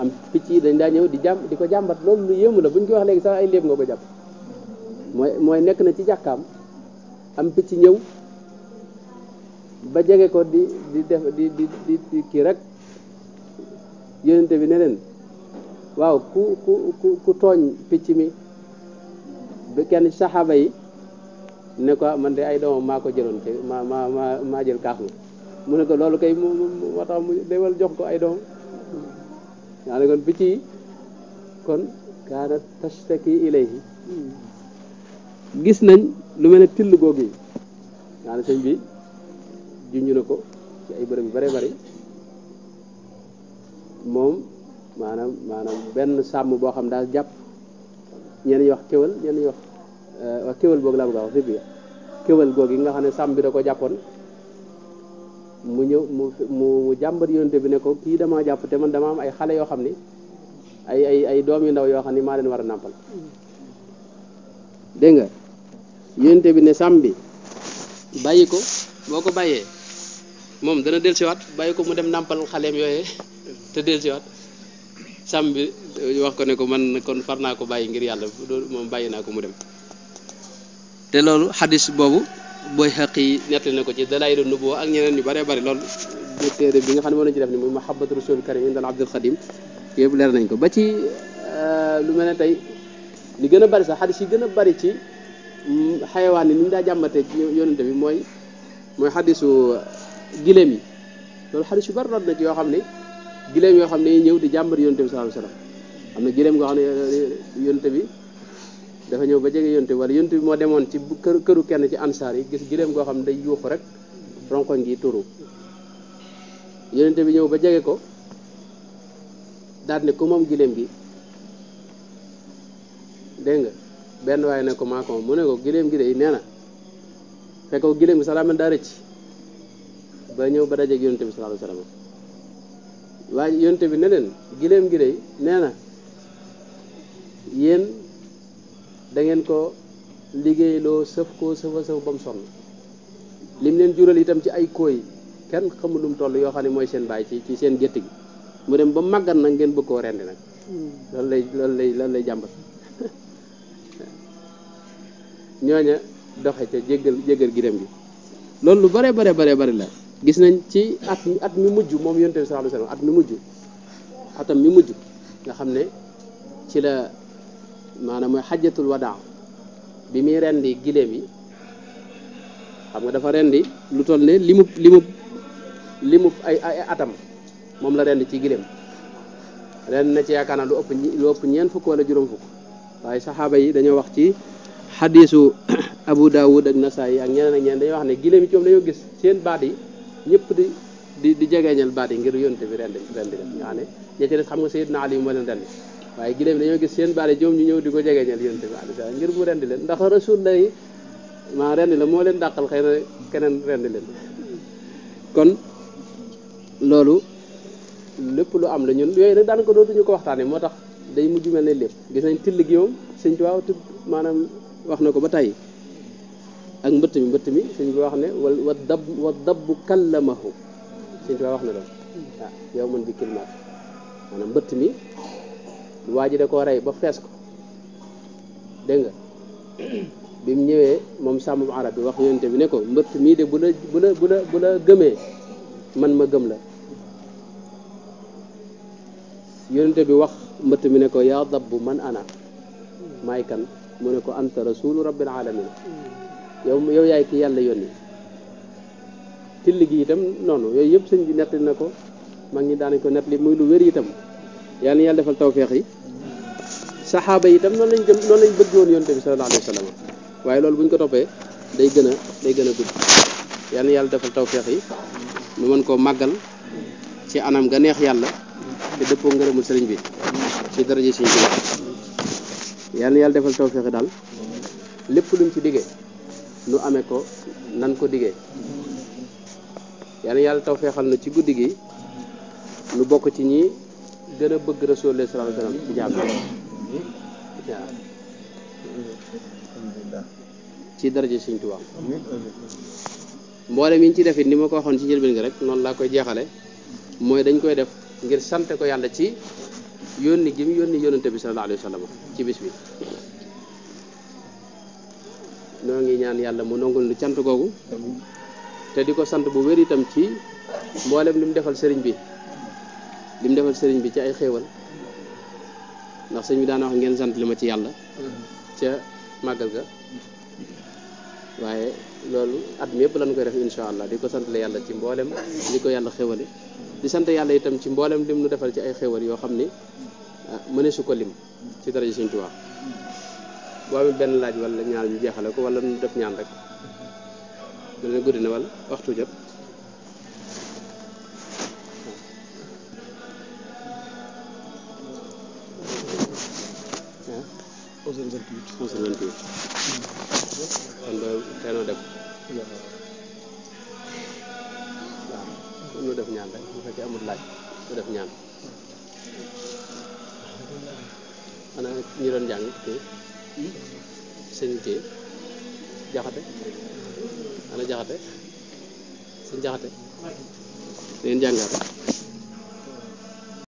am picc yi dañ daa ñëw di jàm di ko jàmbat loolu lu yéemu la buñ ko wax léegi sax ay léeb nga ko jàpp mooy mooy nekk na ci jàkkaam am picc ñëw ba jege ko di di def di di di kii rek yonente bi ne waaw ku ku ku tooñ picc mi kenn saxaaba yi ne ko man de ay doomam maa ko jëloon te ma ma ma maa jël kaaf ma mu ne ko loolu kay mu moo tax mu demal jox ko ay doomam yaa ne kon picc yi kon kaana tashtaki nañ lu mel ne till googu yi yaa ne sëñ bi junj na ko ci ay bërëb yu bare bari moom maanaam maanaam benn sàmm boo xam daal jàpp ñenn ñi wax kéwal ñenn ñi wax Euh, kéwél googu laa bëgg a wax ribiya kéwél googu yi nga xam ne sàmm bi da ko jàppoon mu ñëw mu mu jàmbat yonente bi ne ko kii dama jàpp te man dama am ay xale yoo xam ni ay ay doom yu ndaw yoo xam ni maa leen war a nàmpal dégg nga yonente bi ne sàmm bi bàyyi ko boo ko bàyyee moom dana dellusiwaat bàyyi ko mu dem nàmpal xaleem yooyee te dellusiwaat sàmm bi wax ko ne ko man kon far naa ko bàyyi ngir yàlla moom bàyyi naa ko mu dem te loolu xadis boobu booy xaq yi nettali ne ko ci dalaayilu boo ak ñeneen ñu bëree bëri lool bi nga xam ne moo nañu ci def ni muy mahabbatu rasul karim indal abdul xadim yëpp leer nañ ko ba ci euh, lu mel ne tey ni gën a bëri sax xadis yi gën a bëri ci mm, xayawaan yi ni ñu daa jàmbatee ci yonente bi mooy mooy xadisu euh, giléem yi loolu xadis yu bëri root na ci yoo xam ne giléem yoo xam ne ñëw di jàmbat yonente bi sallallahu alayhi wasallam am na giléem goo xam ne euh, yonente bi dafa ñëw ba jege yonte bi wala yonte bi moo demoon ci kër këru kenn ci ansaar yi gis giléem goo xam ne day yuuxu rek ronkoñ gi turu yonente bi ñëw ba jege ko daal ne ku moom giléem gi dégg nga benn waaye ne ko maa ko mu gi de nee na fekk ko giléem daa rëcc ba ñëw ba dajeeg yonente bi sallallahu alayhi wasallam waaye yonente bi ne leen giléem gi de nee na yéen dangeen ngeen ko liggéeyloo sëf ko sëfa sëf ba mu sonn lim leen jural itam ci ay kooy kenn xamul lu yoo xam ne mooy seen bàyyi ci ci seen gétt gi mu dem ba màggat nag ngeen bëgg koo rendi nag hmm. loolu lay loolu lay loolu lay jàmbat ñooña doxe ca jéggal jéggal gidem gi loolu lu bare bare bare bari la gis nañ ci at at mi mujj moom yonte bi sallallahu alayhi wasallam at mu mujj atam mi mujj nga xam ne ci la maanaam mooy xajjatul wadaa bi muy rendi gileem yi xam nga dafa rendi lu toll ne limub limub limub ay ay atam moom la rendi ci gileem ren na ci yaakaar naa lu ëpp lu ëpp ñeent fukk wala juróom fukk waaye saxaaba yi dañoo wax ci xadiisu Abu Daawud ak Nasaay ak ñeneen ak ñeneen dañoo wax ne gileem yi ci moom dañoo gis seen baat yi ñëpp di di di jegeeñal baat yi ngir yónte bi rendi rendi leen nga xam ne ña ci des xam nga Seydina Ali moo leen rendi waaye gileem dañoo gis seen baale joom ñu ñëw di ko jegeñal yonent bi alayhi salaam ngir mu rendi leen ndax rasul lay maa rendi la moo leen dàqal xay na keneen rendi leen kon loolu lépp lu am la ñun yooyu nag daan ko dootuñu ko waxtaanee moo tax day mujj mel ne lépp gis nañ till gi moom sëñ Tuubaa tudd maanaam wax na ko ba tey ak mbëtt mi mbëtt mi sëñ bi wax ne wal wa dab wa dabbu kallamahu sëñ Tuubaa wax na doon waaw yow mën bi kilmaat maanaam mbëtt mi waa ji da koo rey ba fees ko dégg nga bi mu ñëwee moom sàmm bu arab bi wax yonente bi ne ko mbëtt mii de bu la bu la bu gëmee man ma gëm la yonente bi wax mbëtt mi ne ko yaa dabb man ana maay kan mu ne ko anta rasulu rabbil alamin yow yow yaay ki yàlla yoon yónni till gi itam noonu yooyu yëpp sëñ bi nettali na ko mag ñi daanañ ko nettali muy lu wér itam yàlla na yàlla defal tawféex yi saxaaba yi itam noonu lañ gëm noonu lañ bëggoon yonte bi sallallahu alayhi wa sallam waaye loolu bu ñu ko toppee day gën a day gën a gudd yal yàlla defal tawféex yi ñu mën koo màggal ci anam ga neex yàlla te dëppoo ngërëmul sëriñ bi ci daraje sëriñ bi yal na yàlla defal tawféex yi daal lépp luñ ci diggee nu amee ko nan ko diggee yal na yàlla tawféexal na ci guddi gi nu bokk ci ñi gën a bëgg rasul sallallahu alayhi wa sallam ci ci daraje Sëriñ Tuubaa mboolem yi ci def ni ma ko waxoon ci njëlbéen gi rek noonu laa koy jeexale mooy dañ koy def ngir sante ko yàlla ci yónni gi mu yónni yónnante bi sallallahu alayhi wa ci bis bi noo ngi ñaan yàlla mu nongul lu cant googu te di ko sant bu wér itam ci mboolem li defal sëriñ bi li defal sëriñ bi ci ay xéewal ndax sëñ ñu daan wax ngeen sant li ma ci yàlla ca màggal ga waaye loolu at mi yëpp lañ koy def incha allah di ko sant la yàlla ci mboolem li ko yàlla xéwale di sant yàlla itam ci mboolem lim nu defal ci ay xéwal yoo xam ni ah, mëne su ko lim ci dara ji sëñ Tuubaa boo amee benn laaj wala ñaar ñu jeexale ko wala nu def ñaan rek dana guddi na wala waxtu jëpp Fausse le 28. Fausse def ñaan rek bu fekkee amul laaj ñu def ñaan. xanaa ñi doon jàng te sëñ te jaxate ana jaxate sëñ jaxate ngeen jàngaat